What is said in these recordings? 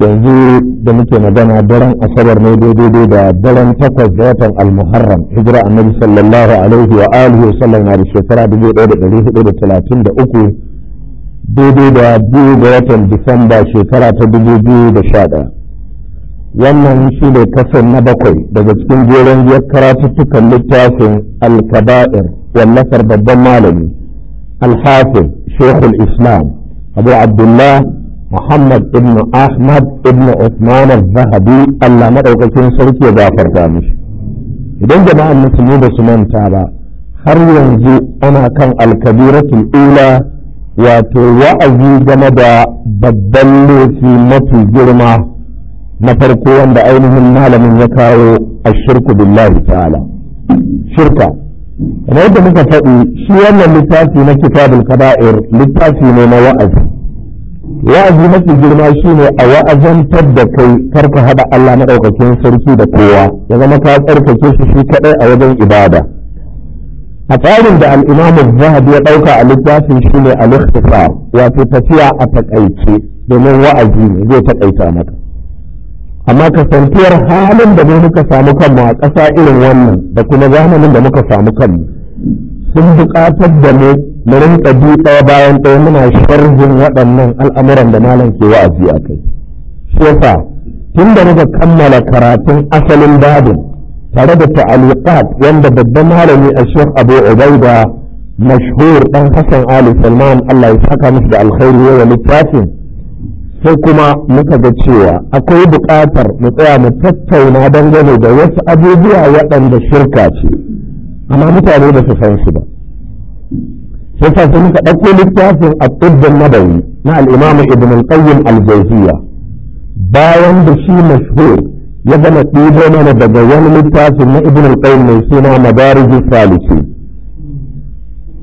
yanzu da muke magana daren asabar ne daidai da daren takwas da watan almuharram hijira annabi sallallahu alaihi wa alihi wa sallam na da shekara dubu ɗaya da ɗari hudu da talatin da uku daidai da biyu ga watan disamba shekara ta dubu biyu da sha ɗaya wannan shi ne kasan na bakwai daga cikin jeren biyar karatuttukan littafin alkaba'ir wallafar babban malami alhafiz shekul islam abu abdullah Muhammad ibn Ahmad ibnu Usman zahabi Allah madaukakin sarki ya gafarta mishi idan jama'an musulmi ba su manta ba har yanzu ana kan alkabiratin ula wato wa'azi game da babban laifi mafi girma na farko wanda ainihin malamin ya kawo a shirku billahi ta'ala shirka kuma yadda muka faɗi shi wannan littafi na kitabul kaba'ir littafi ne na wa'azi wa'azi mafi girma shi ne a wa'azantar da kai karka hada Allah ɗaukakin sarki da kowa ya zama ta tsarkake shi shi kaɗai a wajen ibada a tsarin da al'imamu zahabi ya ɗauka a littafin shi ne a ikhtisar wato tafiya a taƙaice domin wa'azi ne zai taƙaita maka amma kasantuwar halin da mu muka samu kanmu a ƙasa irin wannan da kuma zamanin da muka samu kanmu sun buƙatar da mu mu rinka bi ɗaya bayan ɗaya muna sharhin waɗannan al'amuran da malam ke wa'azi a kai shi yasa tun da muka kammala karatun asalin babin tare da ta'aliqat wanda babban malami a shek abu ubaida mashhur dan hassan ali salman allah ya saka musu da alkhairi wa littafin sai kuma muka ga cewa akwai buƙatar mu tsaya mu tattauna dangane da wasu abubuwa waɗanda shirka ce amma mutane ba su san su ba sai sa sai muka ɗauko littafin at-tibbun nabawi na al-imam ibn al-qayyim al-jawziyya bayan da shi mashhur ya gama ɗibo mana daga wani littafin na ibn al-qayyim mai suna madarij salisi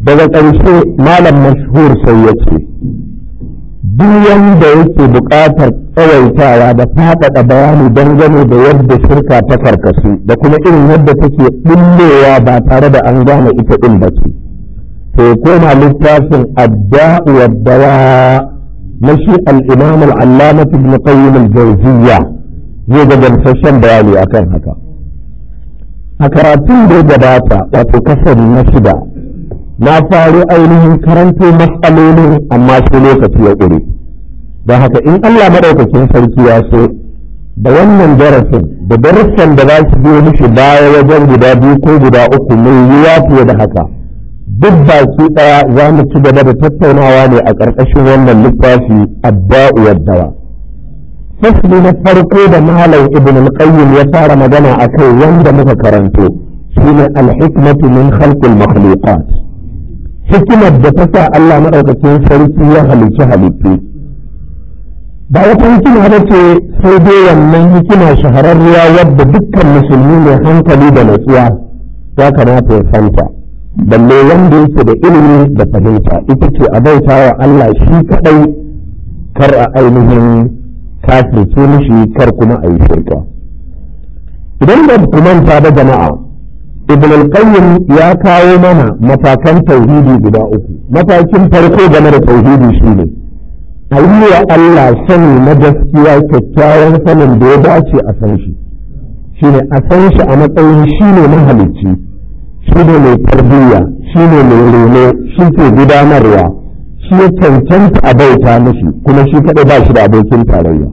daga ƙarshe malam mashhur sai ya ce duk wanda yake buƙatar tsawaitawa da faɗaɗa bayani dangane da yadda shirka ta karkasu da kuma irin yadda take ɓullewa ba tare da an gane ita ɗin ba ce to koma littafin adda'u wa na shi al-imam al-allama ibn qayyim al-jawziyya zai ga gamsashen bayani akan haka a karatun da ya gabata wato kasar na shida na faru ainihin karanto matsalolin amma sai lokaci ya ƙure don haka in allah maɗaukakin sarki ya so da wannan darasin da darasin da za su biyo mishi baya wajen guda biyu ko guda uku mai yiwuwa fiye da haka duk baki ɗaya za mu ci gaba da tattaunawa ne a ƙarƙashin wannan littafi abba'u yaddawa fasli na farko da malam ibn al-qayyim ya fara magana kai wanda muka karanto shine ne hikmatu min khalqil makhluqat hikimar da ta sa Allah madaukakin sarki ya halicci halittu ba wata hikima ba ce sai dai wannan hikima shahararriya wadda dukkan musulmi mai hankali da natsuwa ya kamata ya fanta. balle wanda yake da ilimi da fahimta ita ce a bauta wa Allah shi kaɗai kar a ainihin kafirce mishi kar kuma a yi shirka idan da ku manta da jama'a ibn al-qayyim ya kawo mana matakan tauhidi guda uku matakin farko game da tauhidi shine a Allah sani na gaskiya kyakkyawan sanin da ya dace a san shi shine a san shi a matsayin shine mahalicci shi ne mai tarbiyya shi ne mai rene shi ke gudanarwa shi ya cancanta a bauta mashi kuma shi kaɗai ba shi da abokin tarayya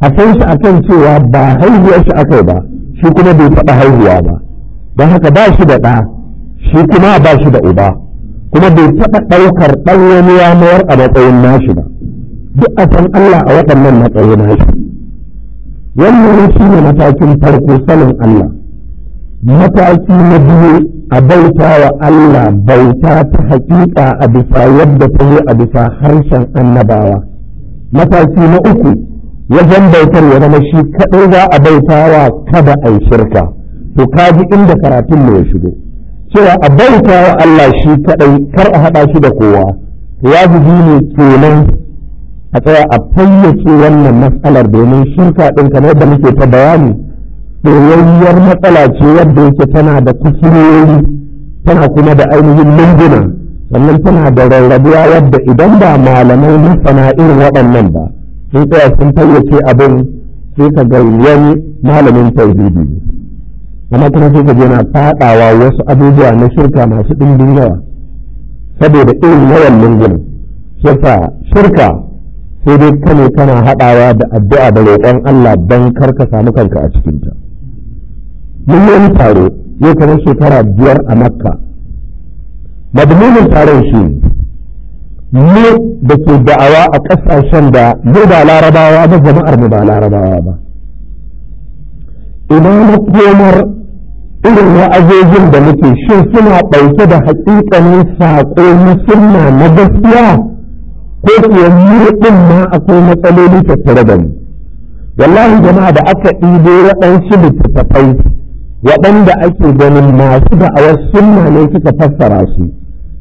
a san shi a kan cewa ba haihuwar shi aka ba shi kuma bai taɓa haihuwa ba don haka ba shi da ɗa shi kuma ba shi da uba kuma bai taɓa ɗaukar ɗan wani ya a matsayin nashi ba duk a san Allah a waɗannan matsayin nashi wannan shi ne matakin farko sanin Allah mataki na biyu a bauta wa Allah bauta ta hakika a bisa yadda ta yi a bisa harshen annabawa mataki na uku wajen bautar ya zama shi kaɗai za a bauta wa kada a shirka to kaji inda karatun mu ya shigo cewa a bauta wa Allah shi kaɗai kar a haɗa shi da kowa ya wajibi ne kenan a tsaya a fayyace wannan matsalar domin shirka ɗin kamar da muke ta bayani ɗoyayyar matsala ce wadda yake tana da kusurori tana kuma da ainihin lunguna sannan tana da rarrabuwa wadda idan ba malamai na irin waɗannan ba sun tsaya sun fayyace abin sai ka ga wani malamin tauhidi ne amma kuma sai ka je faɗawa wasu abubuwa na shirka masu ɗimbin yawa saboda irin yawan lunguna shirka sai dai kane tana haɗawa da addu'a da roƙon Allah don kar ka samu kanka a cikinta. mun yi taro yau kamar shekara biyar a makka madmunin taron shi mu da ke da'awa a ƙasashen da mu ba larabawa ba jama'ar mu ba larabawa ba idan na komar irin wa'azojin da muke shin suna ɗauke da hakikanin saƙo na sunna na gaskiya ko kuwa mu ɗin ma akwai matsaloli tattare da mu wallahi jama'a da aka ɗibo waɗansu littattafai waɗanda ake ganin masu da'awar sunna ne suka fassara su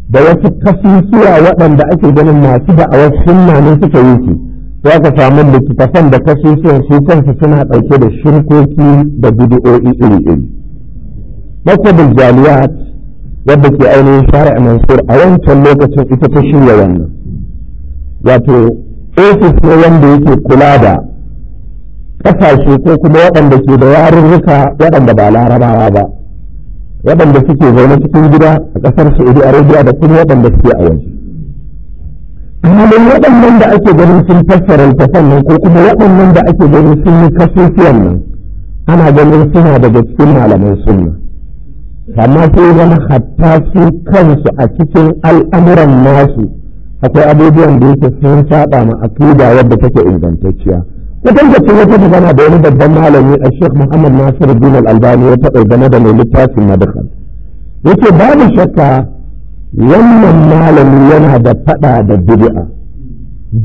da wasu kasusuwa waɗanda ake ganin masu da'awar sunna ne suka yi su za ka samu littattafan da kasusuwan su kansu suna ɗauke da shirkoki da bidiyo'i iri-iri. Makwabin Jaliyat wadda ke ainihin shari'a Mansur a wancan lokacin ita ta shirya wannan. Wato, ofis ne wanda yake kula da kasashe ko kuma waɗanda ke da yarurruka waɗanda ba larabawa ba waɗanda suke zaune cikin gida a ƙasar saudi arabia da kuma waɗanda suke a waje halin waɗannan da ake ganin sun fassara littafan nan ko kuma waɗannan da ake ganin sun yi kasusuwan nan ana ganin suna daga cikin malaman sunna amma sai zama hatta su kansu a cikin al'amuran nasu akwai abubuwan da yake sun saba ma akida wadda take ingantacciya mutuntattun wata magana da wani babban malami a sheikh muhammad nasiru bin al-albani ya taɓa game da mai littafin madakal yake babu shakka wannan malami yana da faɗa da bid'a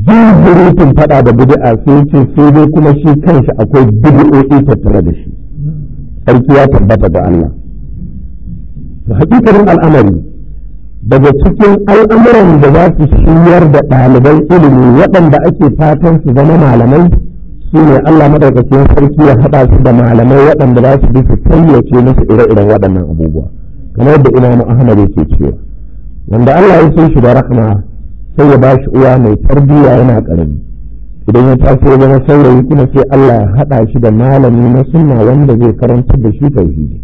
zuzurutun faɗa da bid'a sai ce sai dai kuma shi kansa akwai bid'o'i tattare da shi sarki ya tabbata ga Allah hakikarin al'amari daga cikin al'amuran da za su shiyar da ɗaliban ilimi waɗanda ake fatan su zama malamai shi ne Allah madaukakin sarki ya haɗa su da malamai waɗanda za su bi su tallace musu ire-iren waɗannan abubuwa kamar da Imam Ahmad yake cewa wanda Allah ya so shi da rahma sai ya ba shi uwa mai tarbiyya yana karami idan ya taso ya zama saurayi kuma sai Allah ya haɗa shi da malami na sunna wanda zai karantar da shi tauhidi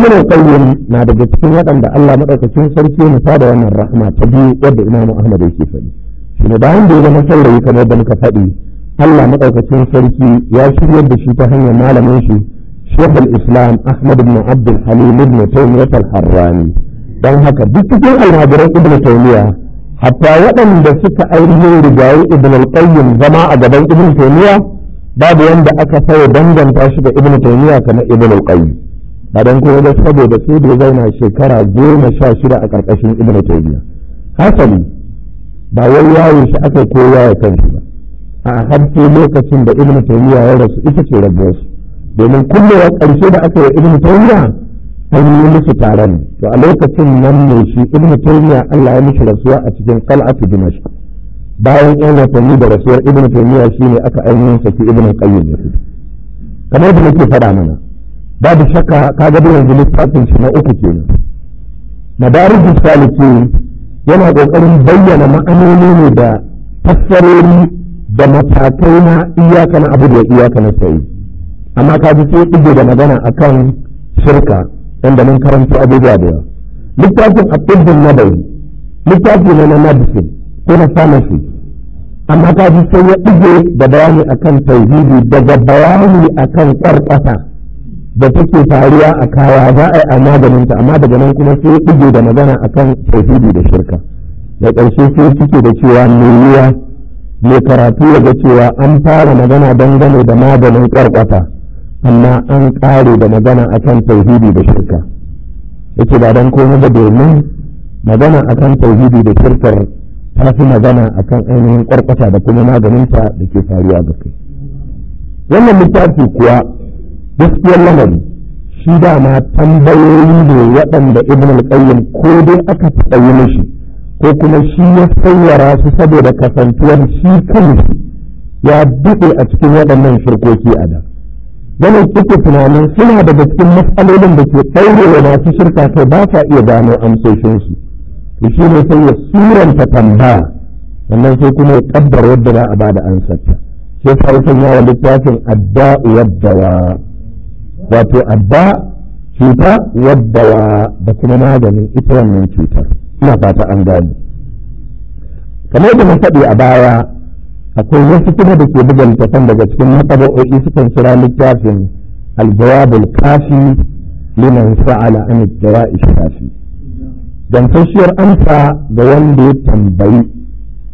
ibn qayyim na daga cikin waɗanda Allah madaukakin sarki ya da wannan rahma ta biyu wadda Imam Ahmad yake faɗi shi ne bayan da ya zama saurayi kamar da muka faɗi Allah madaukakin sarki ya shiryar da shi ta hanyar malamin shi Sheikh islam Ahmad ibn Abdul Halim ibn Taymiyyah al-Harrani dan haka duk cikin almajiran ibn Taymiyyah hatta waɗanda suka ainihin rigayi ibn al-Qayyim zama a gaban ibn Taymiyyah babu wanda aka sai danganta shi da ibn Taymiyyah kamar ibn al-Qayyim ba dan kuma da saboda sai da zauna shekara goma sha shida a ƙarƙashin ibn Taymiyyah hasali ba wai yayin shi aka koya ya kanshi ba a harfe lokacin da ibn taymiya ya rasu ita ce rabuwarsu domin kullum ƙarshe da aka yi ibn taymiya an yi musu taron to a lokacin nan ne shi ibn taymiya Allah ya mishi rasuwa a cikin qal'atu dimashq bayan yan watanni da rasuwar ibn taymiya shine aka ainihin saki ibn qayyim ya fito kamar da nake faɗa mana babu shakka kaga da yanzu littafin shi na uku kenan madarijus salikin yana kokarin bayyana ma'anoni ne da fassarori da matakai na iyaka na abu da iyaka na sayi amma ka ji sai ɗige da magana akan shirka inda mun karanta abubuwa da yawa littafin abdul na bai littafin na medicine ko na pharmacy amma ka ji sai ya ɗige da bayani akan tauhidi daga bayani akan ƙwarƙwasa da take faruwa a kawa za a yi a maganinta amma daga nan kuma sai ya ɗige da magana akan tauhidi da shirka da ƙarshe sai suke da cewa mai mai karatu ya ga cewa an fara magana dangane da maganin ƙwarƙwata amma an ƙare da magana akan tauhidi da shirka yake ba don komai da domin magana akan tauhidi da shirkar ta fi magana akan ainihin ƙwarƙwata da kuma maganinta da ke faruwa da kai wannan littafi kuwa gaskiyar lamari shi dama tambayoyi ne waɗanda ibn al ko dai aka taɓa yi mishi ko kuma shi ya sayyara su saboda kasantuwar shi kansu ya buɗe a cikin waɗannan shirkoki a da ganin kuke tunanin suna daga cikin matsalolin da ke ɗaure wa masu shirka kai ba sa iya gano amsoshinsu to shi ne sai ya suranta tambaya sannan sai kuma ya ƙabbar yadda za a ba da ansarta sai farkon yawa littafin adda yaddawa wato adda cuta yaddawa da kuma maganin ita wannan cutar ina fata an gane kamar da na faɗi a baya akwai wasu kuma da ke buga littafan daga cikin matsabo'o'i sukan kira littafin aljawabul kafi liman sa'ala an jara'i kafi gamsasshiyar amsa ga wanda ya tambayi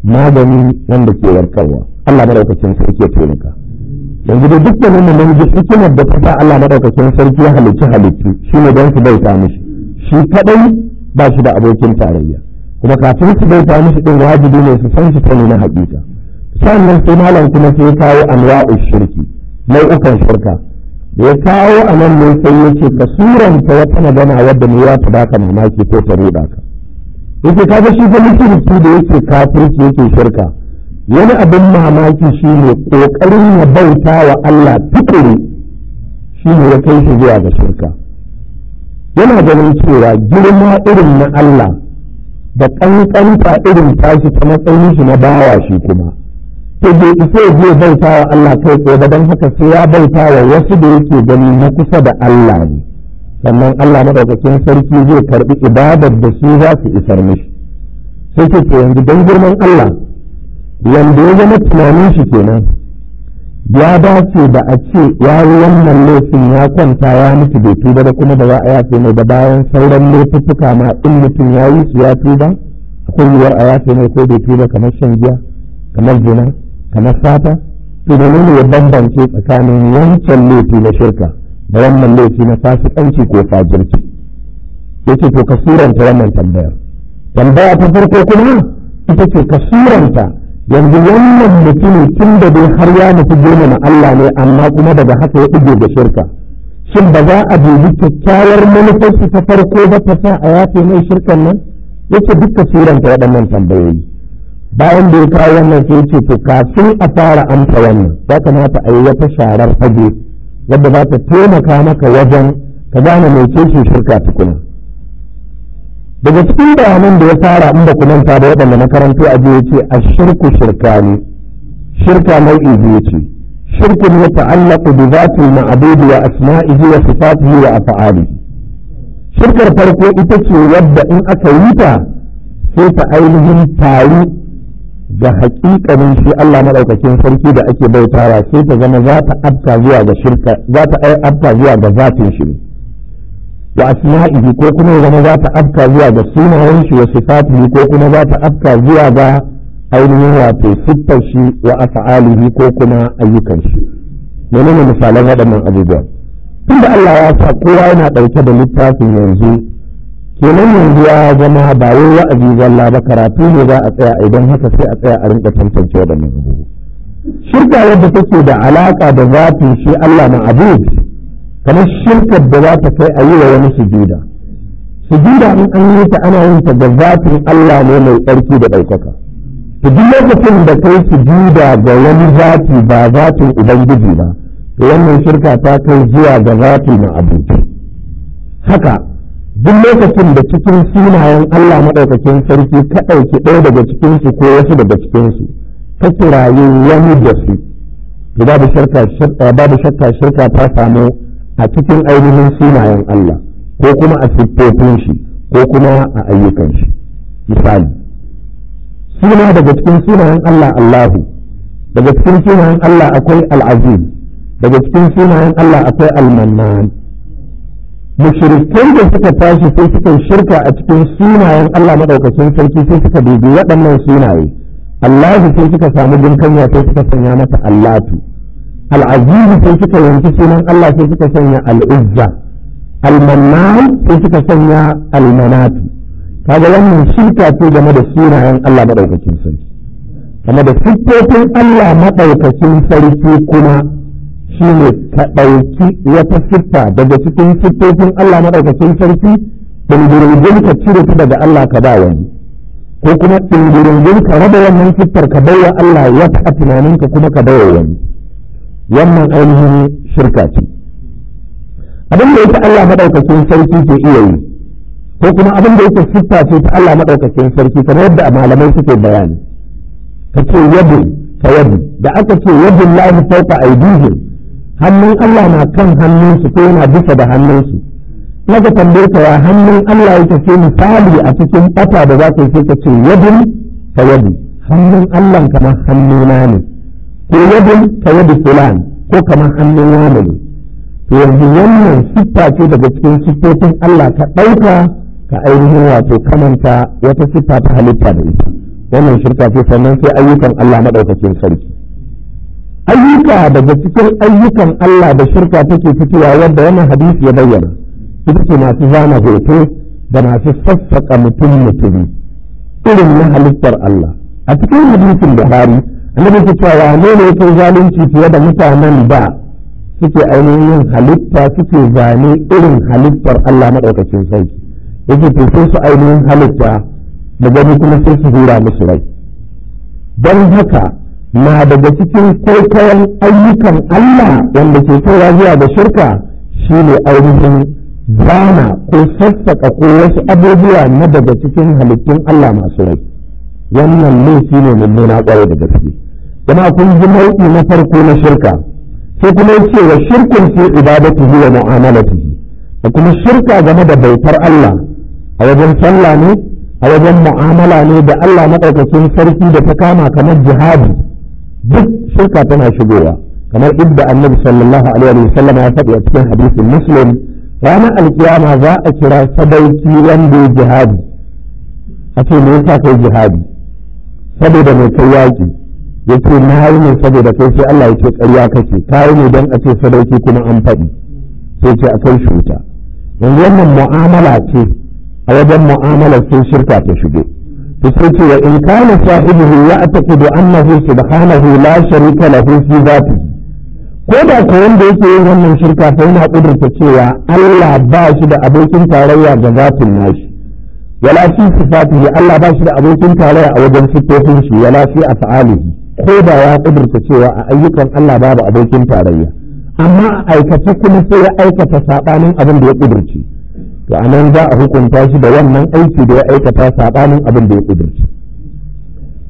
magani wanda ke warkarwa Allah madaukakin sarki ya taimaka yanzu da dukkan wannan namiji hikimar da ta sa Allah madaukakin sarki ya halicci halittu ne don su bauta mishi shi kaɗai. ba shi da abokin tarayya kuma kafin su bauta mishi din wajibi ne su san shi sani na hakika sannan sai malam kuma sai kawo anwa'u shirki nau'ukan shirka da ya kawo a nan ne sai ya ce ka suranta wata magana wadda ne ya ta baka mamaki ko ta riba ka yake kaga shi fa mutunci da yake kafirci yake shirka wani abin mamaki shi ne ƙoƙarin ya bauta wa Allah tukuru shi ne ya kai shi zuwa ga shirka yana ganin cewa girma irin na Allah da ƙanƙanta irin tashi ta matsayin shi na bawa shi kuma to bai isa ya je bauta wa Allah kai tsaye ba don haka sai ya bauta wa wasu da yake gani na kusa da Allah ne sannan Allah madaukakin sarki zai karbi ibadar da su za su isar mishi sai ce yanzu don girman Allah yanda ya zama tunanin shi kenan ya dace da a ce ya wannan laifin ya kwanta ya mutu bai tuba da kuma da za a yafe mai da bayan sauran laifuffuka ma in mutum ya yi su ya tuba akwai yiwuwar a yafe mai ko bai tuba kamar shan giya kamar zina kamar sata to da ne ya bambance tsakanin wancan laifi na shirka da wannan laifi na fasikanci ko fajirci ce to ka suranta wannan tambayar tambaya ta farko kuma ita ce ka suranta yanzu wannan mutumin tun da dai har ya nufi goma na Allah ne amma kuma daga haka ya ɗige da shirka shin ba za a dubi kyakkyawar manufarsu ta farko ba ta sa a yafe mai shirkan nan yake duka ta waɗannan tambayoyi bayan da ya kawo wannan sai ce to kafin a fara amsa wannan ya kamata a yi wata sharar fage wadda za ta taimaka maka wajen ka gane mai ce shirka tukuna daga cikin bayanan da ya fara inda ku manta da waɗanda na a jiya ce a shirku shirka ne shirka nau'i biyu ce shirkun ya ta'allaku bi zati al-ma'bud wa asma'ihi wa sifatihi wa af'alihi shirkar farko ita ce wadda in aka yi ta sai ta ainihin taru ga haƙiƙanin shi Allah maɗaukakin sarki da ake bautawa sai ta zama za ta abta zuwa ga shirka za ta abta zuwa ga zatin shi ne wa asma'ihi ko kuma zama za ta afka zuwa ga sunayen shi wa sifatihi ko kuma za ta afka zuwa ga ainihin wato siffar shi wa af'alihi ko kuma ayyukan shi menene misalan waɗannan abubuwa tunda Allah ya sa kowa yana ɗauke da littafin yanzu kenan yanzu ya zama ba wai wa'azi zalla ba karatu ne za a tsaya idan haka sai a tsaya a rinka tantance waɗannan abubuwa shirka yadda take da alaka da zafin shi Allah ma'abud kamar shirkar da za ta kai a yi wa wani sujuda sujuda in an yi ta ana yin ta ga zatin Allah ne mai tsarki da ɗaukaka to duk lokacin da kai sujuda ga wani zati ba zatin ubangiji ba to wannan shirka ta kai zuwa ga zatin na abuti haka duk lokacin da cikin sunayen Allah maɗaukacin sarki ka ɗauki ɗaya daga cikinsu ko wasu daga cikinsu ka kirayi wani da su babu shakka shirka ta samu a cikin ainihin sunayen Allah ko kuma a siffofin shi ko kuma a ayyukan shi misali suna daga cikin sunayen Allah Allahu daga cikin sunayen Allah akwai al'azim daga cikin sunayen Allah akwai almannan mushrikai da suka tashi sai suka shirka a cikin sunayen Allah madaukakin sarki sai suka dubi waɗannan sunaye Allahu sai suka samu dinkanya sai suka sanya mata Allatu al'azizu sai suka yanki sunan Allah sai suka sanya al'izza al-mannan sai suka sanya al-manati kaga wannan shirka ce game da sunayen Allah madaukakin sarki game da siffofin Allah madaukakin sarki kuma shine ka ɗauki wata siffa daga cikin siffofin Allah madaukakin sarki dingirgin ka cire ta daga Allah ka ba wani ko kuma dingirgin ka raba wannan siffar ka baiwa Allah ya a tunaninka kuma ka baiwa wani wannan ainihin shirka ce abin da yake Allah madaukakin sarki ke iya yi ko kuma abin da yake siffa ce ta Allah madaukakin sarki kamar yadda malamai suke bayani ka ce yadu ka yadu da aka ce yadu lahi fawqa aydihim hannun Allah na kan hannun su ko yana bisa da hannunsu naga tambaye hannun Allah yake ce misali a cikin bata da za ka yi ka ce yadu ka yadu hannun Allah kamar hannuna ne ko yadin ka yadi fulan ko kamar hannun wani ne to yanzu wannan siffa ce daga cikin siffofin Allah ka ɗauka ka ainihin wato kamanta wata siffa ta halitta da ita wannan shirka ce sannan sai ayyukan Allah maɗaukacin sarki ayyuka daga cikin ayyukan Allah da shirka take fitowa yadda wannan hadisi ya bayyana ita ce masu zana hoto da masu sassaƙa mutum mutumi irin na halittar Allah a cikin hadisin Buhari annabi ke cewa wane ne yake zalunci fiye da mutanen da suke ainihin halitta suke zane irin halittar Allah maɗaukacin sarki yake to sai su ainihin halitta da gani kuma sai su hura musu rai don haka na daga cikin kwaikwayon ayyukan Allah wanda ke kaiwa zuwa da shirka shine ainihin zana ko sassaka ko wasu abubuwa na daga cikin halittun Allah masu rai wannan laifi ne mummuna ƙwarai da gaske kuma kun ji nau'i na farko na shirka sai kuma ya ce wa ce fi ibadatihi wa mu'amalatihi da kuma shirka game da bautar Allah a wajen sallah ne a wajen mu'amala ne da Allah maɗaukakin sarki da ta kama kamar jihadi duk shirka tana shigowa kamar idda annabi sallallahu alaihi wa sallam ya faɗi a cikin hadisin muslim ranar alkiyama za a kira sadauki wanda ya jihadi a ce me yasa kai jihadi saboda mai kai yaƙi ya ce na yi ne saboda kai sai Allah ya ce ƙarya kake ka ne don a ce sadauki kuma an faɗi sai ce a kai shi yanzu wannan mu'amala ce a wajen mu'amalar sun shirka ta shigo to sai ce wa in kana sahibihi ya da annahu subhanahu la sharika lahu fi dhatihi ko da ko wanda yake yin wannan shirka sai yana kudurta cewa Allah ba shi da abokin tarayya ga zatin nashi wala fi sifatihi Allah ba shi da abokin tarayya a wajen sifofin shi wala fi af'alihi ko da ya kudurta cewa a ayyukan Allah babu abokin tarayya amma a aikace kuma sai ya aikata saɓanin abin da ya kudurci to anan za a hukunta shi da wannan aiki da ya aikata saɓanin abin da ya kudurci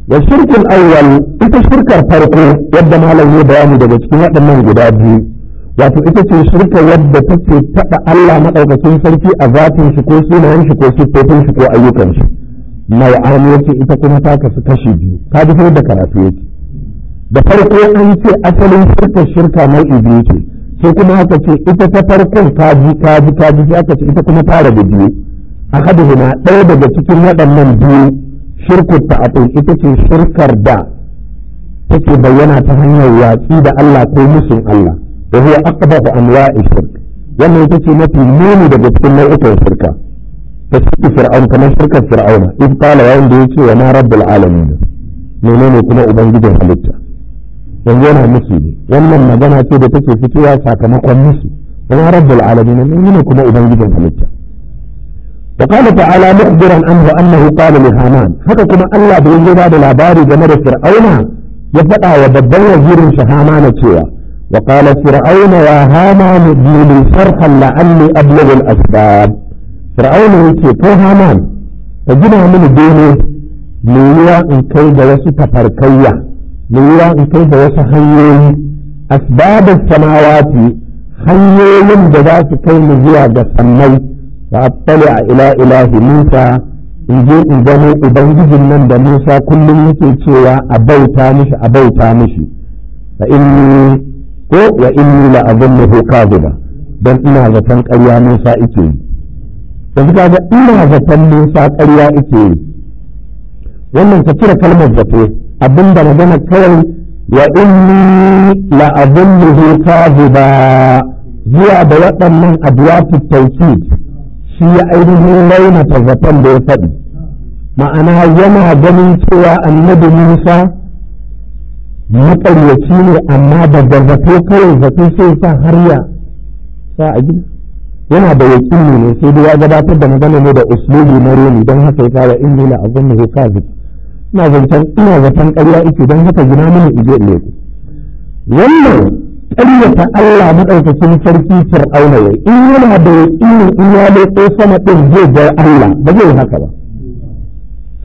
wa shirkin awwal ita shirkar farko yadda malam ya bayani daga cikin waɗannan guda biyu wato ita ce shirka yadda take taɓa Allah maɗaukacin sarki a zatin shi ko sunayen shi ko siffofin shi ko ayyukan shi nau'an ita kuma ta kasu kashi biyu ka ji da karatu yake da farko an ce asalin shirka shirka mai biyu ce sai kuma aka ce ita ta ji ta ji ta ji aka ce ita kuma ta da biyu a huma ɗaya daga cikin waɗannan biyu shirkar ta'atun ita ce shirkar da take bayyana ta hanyar watsi da Allah ko musun Allah da huwa aqbahu anwa'i shirk wannan ita ce mafi muni daga cikin nau'ukan shirka ta cikin fir'aun kamar shirkar fir'auna in qala yayin da yace wa ma rabbul alamin menene kuma ubangijin halitta yanzu yana musu ne wannan magana ce da take fitowa sakamakon musu wani rabbul alamin ne ne kuma ubangijin halitta وقال تعالى مخبرا عنه انه قال haman haka kuma Allah da yanzu ba da labari game da Fir'auna ya faɗa wa babban wazirin shi haman cewa wa qala fir'auna ya haman ibni sarhan la'alli ablugu asbab fir'auna ce ko Haman ka gina mini bene ne in kai da wasu tafarkayya mai yiwa in kai da wasu hanyoyi asbabin samawati hanyoyin da za su kai mu zuwa ga sammai wa attali a ila ilahi musa in je in gano ubangijin nan da musa kullum yake cewa a bauta mishi a bauta mishi fa inni ko wa inni la azunnuhu kadhiba dan ina zaton ƙarya musa yake yi yanzu kaga ina zaton musa ƙarya yake yi wannan ka cire kalmar zato abin da magana kawai wa inni la azunnuhu kadhiba zuwa da waɗannan adwatu tawkid shi ya ainihin raina tabbatan da ya faɗi ma'ana yana ganin cewa annabi Musa matsaryaci ne amma da zato kawai zato sai sa har ya sa a gida yana da yakini ne sai dai ya gabatar da magana ne da uslubi na romi don haka ya fara inni la azunnuhu kadhiba ina zancen ina zaton ƙarya ike don haka gina mini ije ile wannan ƙaryata Allah maɗaukakin sarki fir'auna ya in yana da yaƙinin in ya ko sama ɗin zai ga Allah ba zai haka ba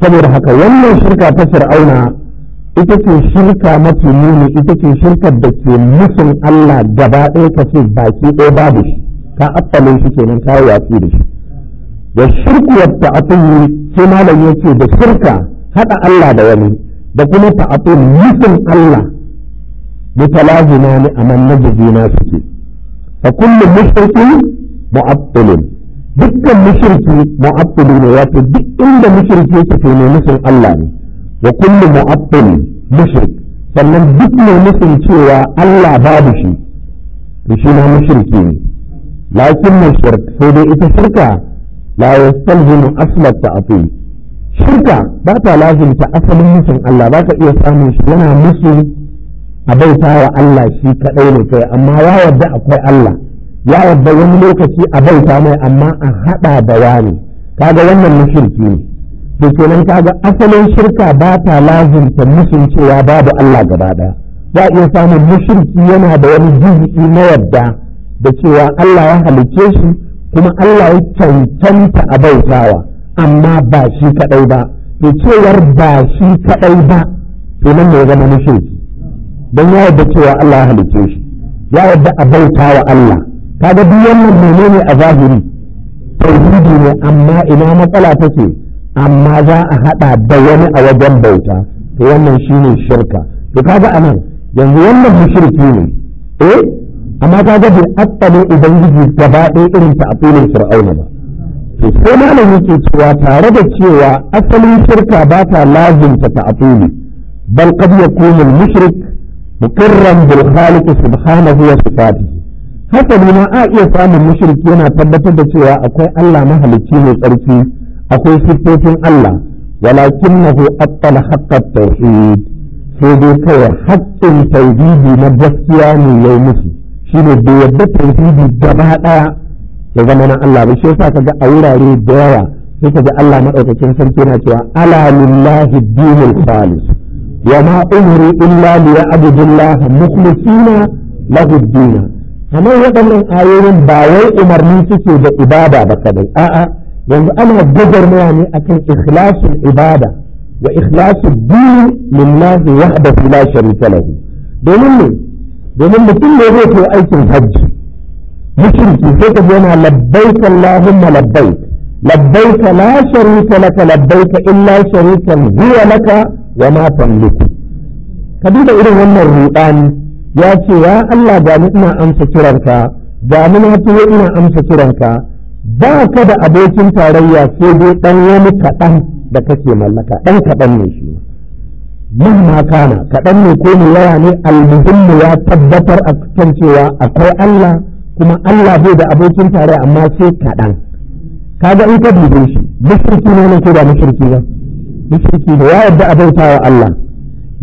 saboda haka wannan shirka ta fir'auna ita ce shirka mafi muni ita ce shirkar da ke musun Allah gaba ɗaya ka ce baki ɗaya babu shi ka affalin shi kenan ka yi watsi da shi da shirku wata a yi ke malam yake da shirka haɗa Allah da wani da kuma ta'atun nufin Allah mutalazima ne a man na suke fa kullu mushrikin mu'attilun dukkan mushriki mu'attili ne wato duk inda mushriki yake to ne nufin Allah ne wa kullu mu'attil mushrik sannan duk mai nufin cewa Allah babu shi to shi ma mushriki ne lakin mushrik sai dai ita shirka la yastanzimu asla ta'til shirka ba ta lazimta asalin mutum Allah ba ka iya samun shi yana musu a bauta wa Allah shi kaɗai ne kai amma ya yarda akwai Allah ya yarda wani lokaci a bauta mai amma a haɗa da wani kaga wannan shirki ne to kenan kaga asalin shirka ba ta lazimta musun cewa babu Allah gaba ɗaya za iya samun mushriki yana da wani jirgi na yarda da cewa Allah ya halicce shi kuma Allah ya cancanta a bautawa amma ba shi kaɗai ba da cewar ba shi kaɗai ba to nan ne ya zama mushriki don ya yadda cewa Allah ya halicce shi ya yarda a bauta wa Allah kaga duk wannan menene a zahiri tauhidi ne amma ina matsala take amma za a haɗa da wani a wajen bauta to wannan shine shirka to kaga anan yanzu wannan mushriki ne eh amma kaga bil idan ubangiji gaba ɗaya irin ta a filin fir'auna ba to sai malam yake cewa tare da cewa asalin shirka ba ta lazimta ta'atuli bal qad yakunu al-mushrik muqirran bil khaliq subhanahu wa sifatihi haka ne ma a iya samun mushriki yana tabbatar da cewa akwai Allah mahalicci mai tsarki akwai siffofin Allah walakinnahu attala haqqa tauhid sai dai kawai haƙƙin tauhidi na gaskiya ne yayi musu shine bai yadda tauhidi gaba ɗaya ya zama na Allah ba shi yasa kaga a wurare da yawa sai kaga Allah madaukakin sarki na cewa ala lillahi dinul khalis wa ma umru illa li ya'budullaha mukhlisina lahu ad-din kamar waɗannan ayoyin ba wai umarni suke da ibada ba kadai a'a yanzu ana gwagwarmaya ne akan ikhlasul ibada wa ikhlasul dini lillahi wahdahu la sharika lahu domin ne domin mutum ne zai kai aikin hajji mushriki sai ka yana labbaik allahumma labbaik labbaik la sharika laka labbaik illa sharikan huwa laka wa ma tamliku ka duba irin wannan rudani ya ce ya Allah ga ina amsa kiranka ga ni na tuwo ina amsa kiranka ba ka da abokin tarayya sai dai dan wani kaɗan da kake mallaka dan kaɗan ne shi mahma kana kaɗan ne ko mu yawa ne almuhimmu ya tabbatar a kan cewa akwai Allah kuma Allah bai da abokin tare amma sai kaɗan kaga in ka dube shi mushriki ne ne ko ba mushriki ba mushriki ne ya yadda a wa Allah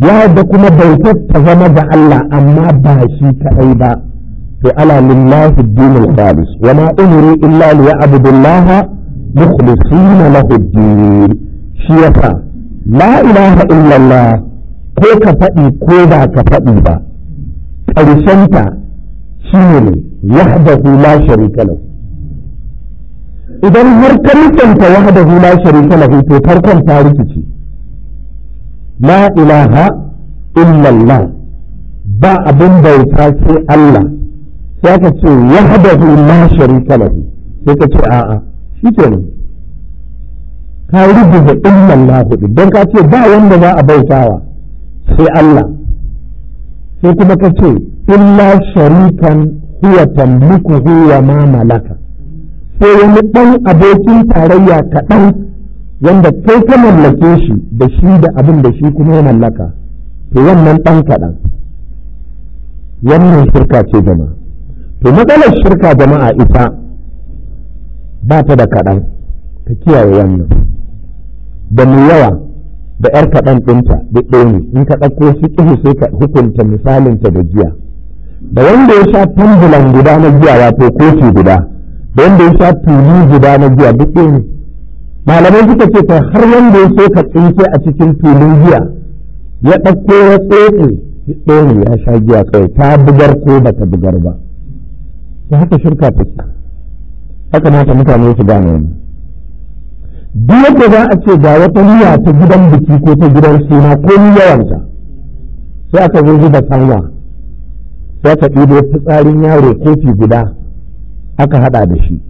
ya yadda kuma bautar ta zama ga Allah amma ba shi kaɗai ba to ala lillahi dinul khalis wa ma umiru illa liya'budu Allah mukhlisina lahu din shi yasa la ilaha illa ko ka faɗi ko ba ka faɗi ba ƙarshenta shine ne wahdahu la sharika lahu idan har ka mutunta wahdahu la sharika lahu to farkon ta rikici la ilaha illallah ba abin bauta sai Allah sai ka ce wahdahu la sharika lahu sai ka ce a'a shi ke ne ka rubuta illallah hudu don ka ce ba wanda za a bautawa sai Allah sai kuma ka ce illa sharikan huwa tamlikuhu wa ma malaka sai wani ɗan abokin tarayya kaɗan wanda kai ka mallake shi da shi da abin da shi kuma ya mallaka to wannan ɗan kaɗan wannan shirka ce jama'a to matsalar shirka jama'a ita ba ta da kaɗan ka kiyaye wannan da mai yawa da 'yar kaɗan ɗinta duk ɗaya ne in ka ɗauko su sai ka hukunta misalinta da jiya da wanda ya sha tambulan guda na giya wato kofi guda da wanda ya sha tuli guda na giya duk ne malamai suka ce kai har wanda ya so ka tsinke a cikin tulin giya ya ɗauko ya tsotse ɗaya ya sha giya kai ta bugar ko ba ta bugar ba ta haka shirka ta ce haka mata mutane su gane wani duk yadda za a ce ga wata niyya ta gidan biki ko ta gidan suna ko yawanta sai aka zo zuba sanwa sai ka ɗibo fitsarin yaro kofi guda aka haɗa da shi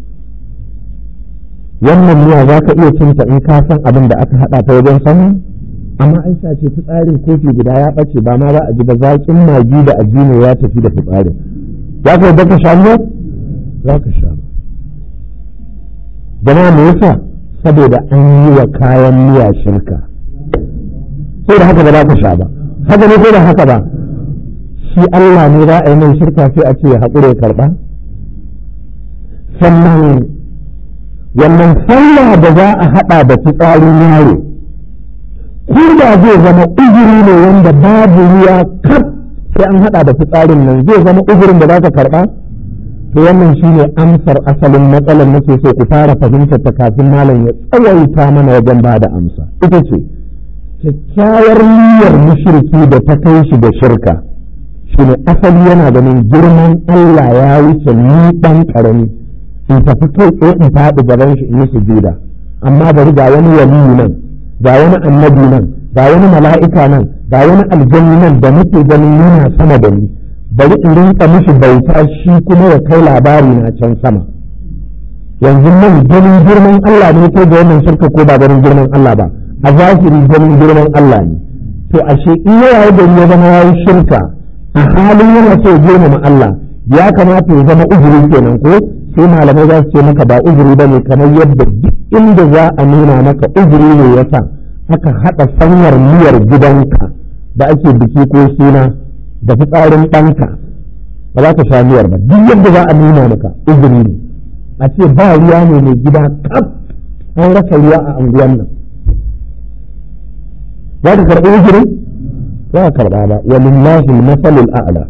wannan miya za ka iya cinta in ka san abin da aka haɗa ta wajen sani amma an ce fitsarin kofi guda ya ɓace ba ma za a ji ba zaƙin magi da addini ya tafi da fitsarin ya ka yadda ka sha ne za ka sha jama'a me yasa saboda an yi wa kayan miya shirka sai da haka ba za ka sha ba haka ne ko da haka ba shi Allah ne za a yi mai shirka sai a ce ya haƙure karɓa sannan wannan sallah da za a haɗa da fitsarin yaro ko da zai zama uzuri ne wanda babu ruwa kaf sai an haɗa da fitsarin nan zai zama uzurin da za ka karɓa to wannan shine amsar asalin matsalar nake so ku fara fahimtar ta kafin malam ya tsawaita mana wajen ba da amsa ita ce kyakkyawar niyyar mushriki da ta kai shi da shirka shine asali yana ganin girman Allah ya wuce ni dan karami in tafi kai tsaye in faɗi gaban shi in yi sujuda amma bari ga wani waliyu nan ga wani annabi nan ga wani mala'ika nan ga wani aljanni nan da nake ganin yana sama da ni bari in rinka mishi bauta shi kuma ya kai labari na can sama yanzu nan ganin girman Allah ne ko da wannan shirka ko ba ganin girman Allah ba a zahiri ganin girman Allah ne to ashe in ya yayi da ya zama shirka a halin yana so girmama Allah ya kamata ya zama uzuri kenan ko sai malamai za su ce maka ba uzuri ne kamar yadda duk inda za a nuna maka uzuri ne ya sa aka haɗa sanyar miyar gidanka da ake biki ko suna da fitsarin ɗanka ba za ka sha miyar ba duk yadda za a nuna maka uzuri ne a ce ba ruwa ne mai gida kaf an rasa ruwa a anguwan nan za ka karɓi uzuri za a karɓa ba walillahi masalul a'la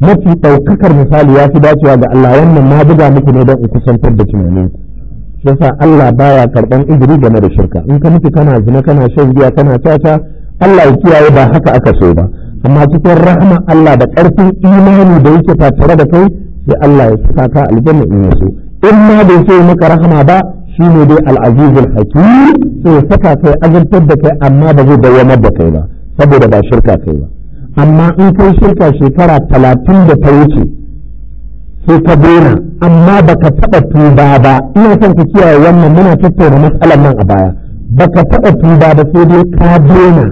mafi ɗaukakar misali ya fi dacewa ga Allah wannan ma buga muku ne don in kusantar da tunanin ku yasa Allah baya karɓan izini game da shirka in ka mutu kana zina kana shan giya kana caca Allah ya kiyaye ba haka aka so ba amma cikin rahama Allah da ƙarfin imani da yake tattare da kai sai Allah ya saka ka aljanna in yaso in ma bai so maka rahama ba shi ne dai al'azizul hakim sai saka kai azantar da kai amma ba zai dawamar da kai ba saboda ba shirka kai ba amma in kai shirka shekara talatin da ta wuce sai ka daina amma baka taɓa tuba ba ina son ku kiyaye wannan muna tattauna matsalar nan a baya baka taɓa tuba ba sai dai ka daina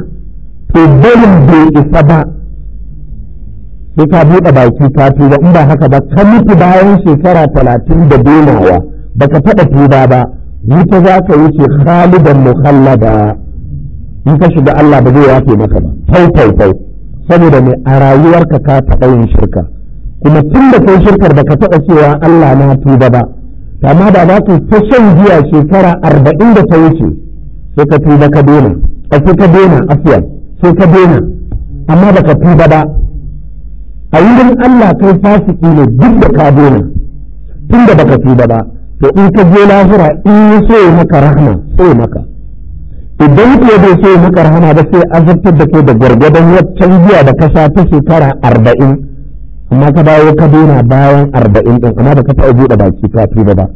to barin bai isa ba sai ka buɗe baki ka tuba in ba haka ba ka mutu bayan shekara talatin da denawa baka taɓa tuba ba wuta za ka wuce khalidan mukhallada in ka shiga Allah ba zai yafe maka ba fai fai fai saboda mai a rayuwarka ka taɓa yin shirka kuma tun da kai shirkar baka taɓa cewa Allah na tuba ba amma da za ka ta shan giya shekara arba'in da ta wuce sai ka tuba ka daina sai ka daina afiya sai ka daina amma baka tuba ba a wurin Allah kai fasiki ne duk da ka daina tun da baka tuba ba to in ka je lahira in yi so ya maka rahama sai ya maka idan ko bai so ya maka rahama ba sai azabtar da kai da gwargwadon waccan jiya da kasa ta shekara arba'in amma ka dawo ka daina bayan arba'in ɗin amma ba ka taɓa buɗe baki ka tuba ba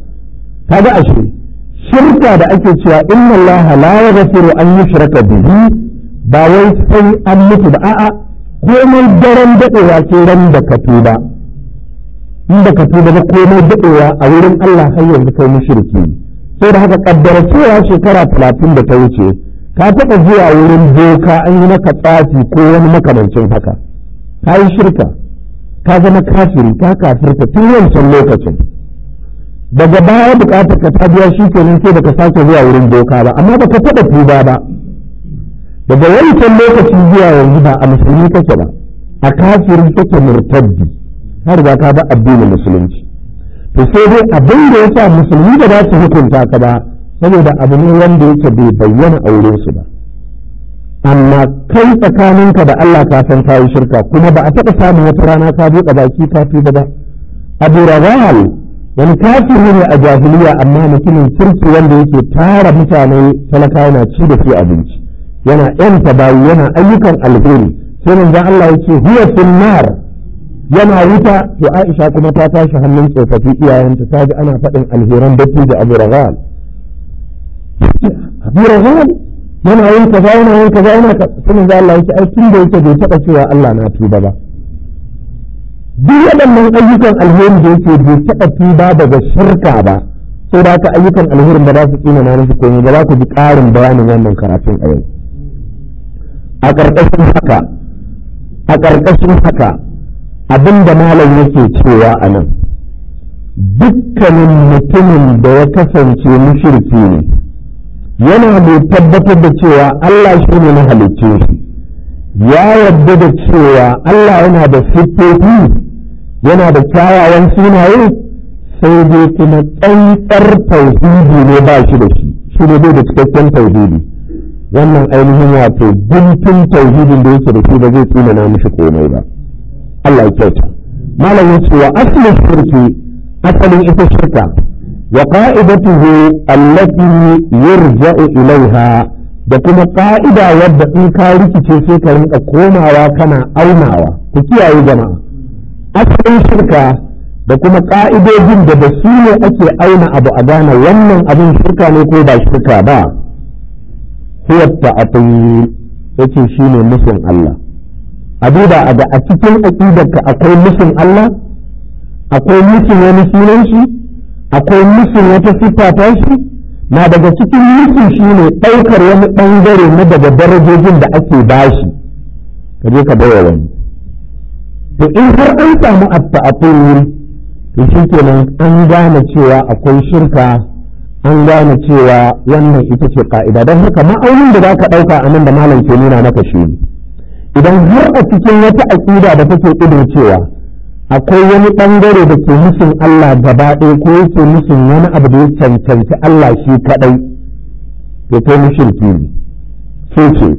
ka ga ashe shirka da ake cewa inna allaha la yaghfiru an yushraka bihi ba wai sai an mutu ba a'a komai daren daɗewa sai ran da ka tuba in baka tuba ba komai daɗewa a wurin Allah har yanzu kai mushriki shirki sai da haka kaddara cewa shekara talatin da ta wuce ka taɓa zuwa wurin doka an yi maka tsafi ko wani makamancin haka ka yi shirka ka zama kafiri ka kafirta tun wancan lokacin daga baya bukatar ka ta biya shi kenan sai baka sake zuwa wurin doka ba amma baka taɓa tuba ba daga wancan lokacin zuwa yanzu ba a musulmi kake ba a kafiri kake murtaddi har riga ka ba addinin musulunci to sai dai abin da yasa musulmi da ba su hukunta ka ba saboda abu ne wanda yake bai bayyana aure su ba amma kai tsakaninka da Allah ka san ka yi shirka kuma ba a taɓa samun wata rana ka buɗe baki ka tuba ba abu rawal wani kafiri ne a jahiliya amma mutumin kirki wanda yake tara mutane talaka yana ci da su abinci yana yanta bayi yana ayyukan alheri sai manzon Allah yake huwa sunnar yana wuta to Aisha kuma ta tashi hannun tsofaffi iyayenta ta ji ana faɗin alheran datti da Abu Raghal Abu Raghal yana yin kaza yana yin kaza yana kuma da Allah yake ai tun da yake bai taɓa cewa Allah na tuba ba duk waɗannan ayyukan alheri da yake bai taɓa tuba daga shirka ba sai da ka ayyukan alherin ba za su tsina na nufi komai ba za ku ji ƙarin bayanin wannan karatun a yau a ƙarƙashin haka a ƙarƙashin haka abin da malam yake cewa a nan dukkanin mutumin da ya kasance mushirki ne yana mai tabbatar da cewa Allah shi ne na halicce shi ya yarda da cewa Allah yana da siffofi yana da kyawawan sunaye sai dai kuma tsantsar tauhidi ne ba shi da shi shi ne bai da cikakken tauhidi wannan ainihin wato guntun tauhidin da yake da shi ba zai tsina na mishi komai ba Allah ya kyauta malam ya ce wa asalin shirki asalin ita shirka wa qa'idatuhu allati yurja'u ilaiha da kuma ƙa'ida wadda in ka rikice sai ka rinka komawa kana aunawa ku kiyaye jama'a asalin shirka da kuma ƙa'idojin da ba su ne ake auna abu a gane wannan abin shirka ne ko ba shirka ba huwa ta'atil yace shine musun Allah a duba a a cikin aqidarka akwai musun Allah akwai musun wani sunan shi akwai musun wata siffa shi na daga cikin musun shi ne ɗaukar wani ɓangare na daga darajojin da ake bashi ka je ka baiwa wani to in har an samu atta a to shi kenan an gane cewa akwai shirka an gane cewa wannan ita ce ka'ida don haka ma'aunin da za ka ɗauka a nan da malam ke nuna maka shi ne idan har a cikin wata aƙida da take ido cewa akwai wani ɓangare da ke musun Allah gaba ɗaya ko yake musun wani abu da ya cancanci Allah shi kaɗai to kai mushriki ne sai ce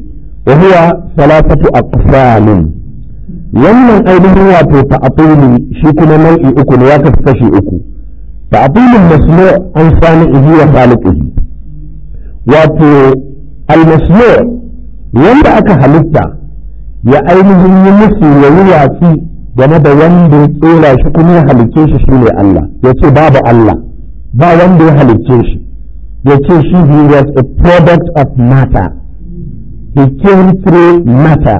wa huwa salasatu aqsamin wannan ainihin wato ta ta'abili shi kuma nau'i uku ne ya kasu kashi uku ta'abilin masmu an sani ihi wa khaliqihi wato al-masmu wanda aka halitta ya ainihin yi musu ya yi watsi game da wanda ya tsora shi kuma ya halicce shi ne Allah ya ce babu Allah ba wanda ya halicce shi ya ce shi he was a product of matter he came through matter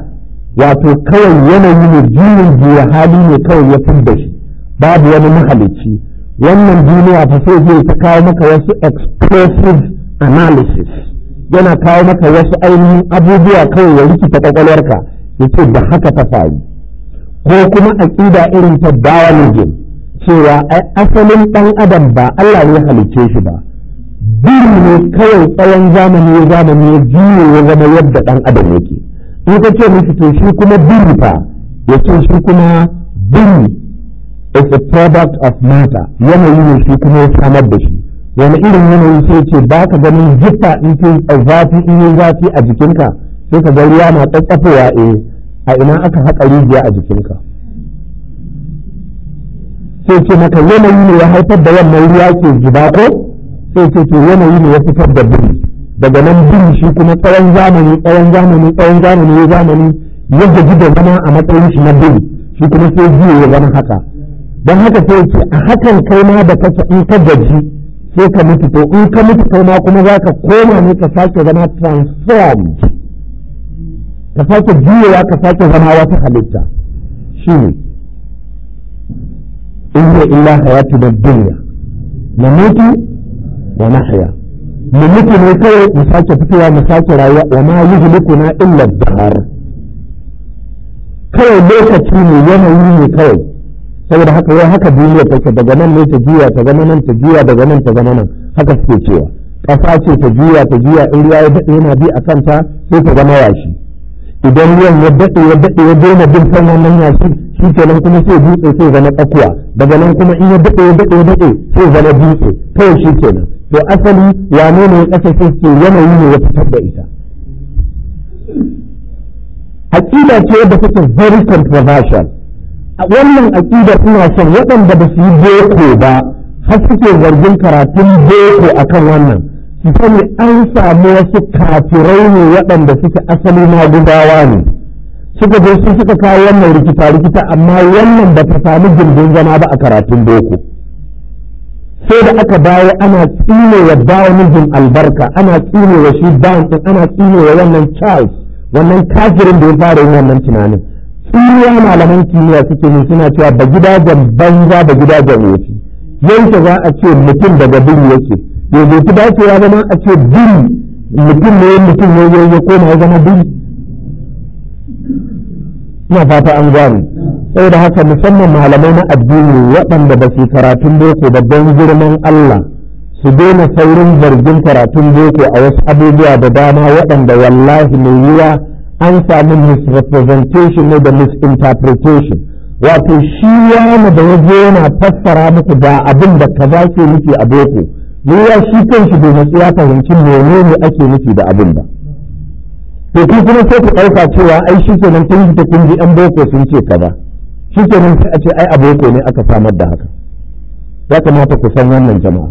wato kawai yanayi ne jinin jiya hali ne kawai ya fidda shi babu wani mahalicci wannan duniya ta sai zai ta kawo maka wasu expressive analysis yana kawo maka wasu ainihin abubuwa kawai ya rikita kwakwalwarka yace da haka ta faru ko kuma aqida irin ta dawanism cewa a asalin dan adam ba Allah ne halicce shi ba biri ne kawai tsawon zamani ya zamani ya jiye ya zama yadda dan adam yake in ka ce miki to shi kuma biri fa ce shi kuma biri is a product of matter yanayi ne shi kuma ya samar da shi wani irin yanayi sai ce ba ka ganin jiffa in ke zafi in yi zafi a jikinka sai ka ga ruwa na tsattsafowa eh a ina aka haƙa rijiya a jikinka sai ce maka yanayi ne ya haifar da wannan ruwa ke zuba ko sai ce ke yanayi ne ya fitar da biri daga nan biri shi kuma tsawon zamani tsawon zamani tsawon zamani ya zamani ya gaji da zama a matsayin shi na biri shi kuma sai jiya ya zama haka don haka sai ce a hakan kai ma da kake in ka gaji sai ka mutu to in ka mutu kai ma kuma za ka koma ne ka sake zama transformed ka sake juyewa ka sake zama wata halitta shi ne in hiya illa hayatu da dunya na mutu wa haya mu mutu ne kawai mu sake fitowa mu sake rayuwa wa ma na illa dahar kawai lokaci ne yanayi ne kawai saboda haka yau haka duniya take daga nan ne ta juya ta zama nan ta juya daga nan ta zama nan haka suke cewa ƙasa ce ta juya ta juya in ruwa daɗe yana bi a kanta sai ta zama yashi idan ruwan ya daɗe ya daɗe ya daina bin kan wannan yashi shi nan kuma sai dutse sai zama tsakiya daga nan kuma in ya daɗe ya daɗe ya daɗe sai zama dutse kawai shi ke nan to asali ya ne ya ƙasa sai ce yanayi ne ya fitar da ita aƙida ce da take very controversial wannan aƙida suna son waɗanda ba su yi boko ba har suke zargin karatun boko akan wannan sani an samu wasu kafirai ne waɗanda suke asali na gudawa ne suka je su suka kawo wannan rikita rikita amma wannan ba ta samu gindin zama ba a karatun boko sai da aka dawo ana tsine wa albarka ana tsine wa shi down ana tsine wa wannan charles wannan kafirin da ya fara yin wannan tunanin tsiniya malaman kimiyya suke ne suna cewa ba gidajen banza ba gidajen wofi yanke za a ce mutum daga bin yake ya bai fi dacewa ba ma a ce mutum ne mutum ne ya koma ya zama bin. ina fata an gane da haka musamman malamai na addini waɗanda ba su karatun boko babban girman Allah su daina saurin zargin karatun boko a wasu abubuwa da dama waɗanda wallahi mai yiwa an sami misrepresentation ne da misinterpretation wato shi yana da waje yana fassara muku da abin da kaza ke nufi a boko ne ya shi kanshi bai matsi ya fahimci ne ake nufi da abin ba to kun kuma sai ku ɗauka cewa ai shi kenan kun yi kun ji ɗan boko sun ce kaza shi kenan sai a ce ai a boko ne aka samar da haka ya kamata ku san wannan jama'a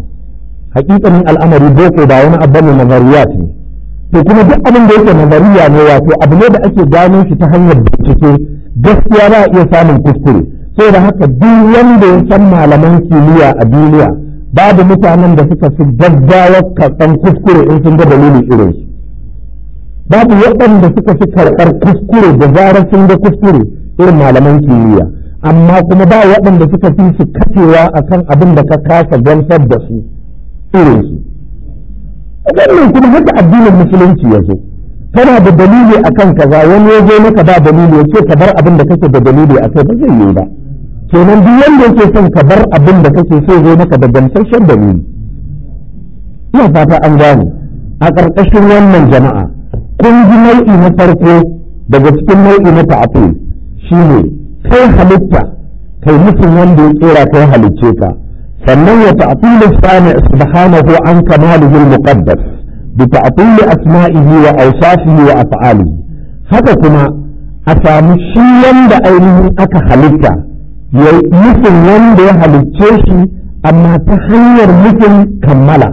hakikanin al'amari boko ba wani abu ne nazariyat ce to kuma duk abin da yake nazariya ne wato abu ne da ake gano shi ta hanyar bincike gaskiya ba a iya samun kuskure sai da haka duk wanda ya san malaman kimiyya a duniya babu mutanen da suka fi gaggawa karɓar kuskure in sun ga dalilin irin su babu waɗanda suka fi karɓar kuskure da zarar sun ga kuskure irin malaman kimiyya amma kuma ba waɗanda suka fi su kacewa a kan abin da ka kasa gamsar da su irin su wannan kuma haka addinin musulunci ya zo kana da dalili a kan kaza wani ya zo maka ba dalili ya ce ka bar abin da kake da dalili a kai ba zai yi ba kenan duk wanda yake son ka bar abin da kake so zo maka da gamsasshen dalili ina fata an gane a ƙarƙashin wannan jama'a kun ji nau'i na farko daga cikin nau'i na ta'afi ne kai halitta kai mutum wanda ya tsira kai halicce ka sannan ya ta'afi sami subhanahu an kamalihil muqaddas bi ta'afi asma'ihi wa awsafihi wa af'alihi haka kuma a samu shi wanda ainihin aka halitta ya nufin wanda ya halicce shi amma ta hanyar nufin kammala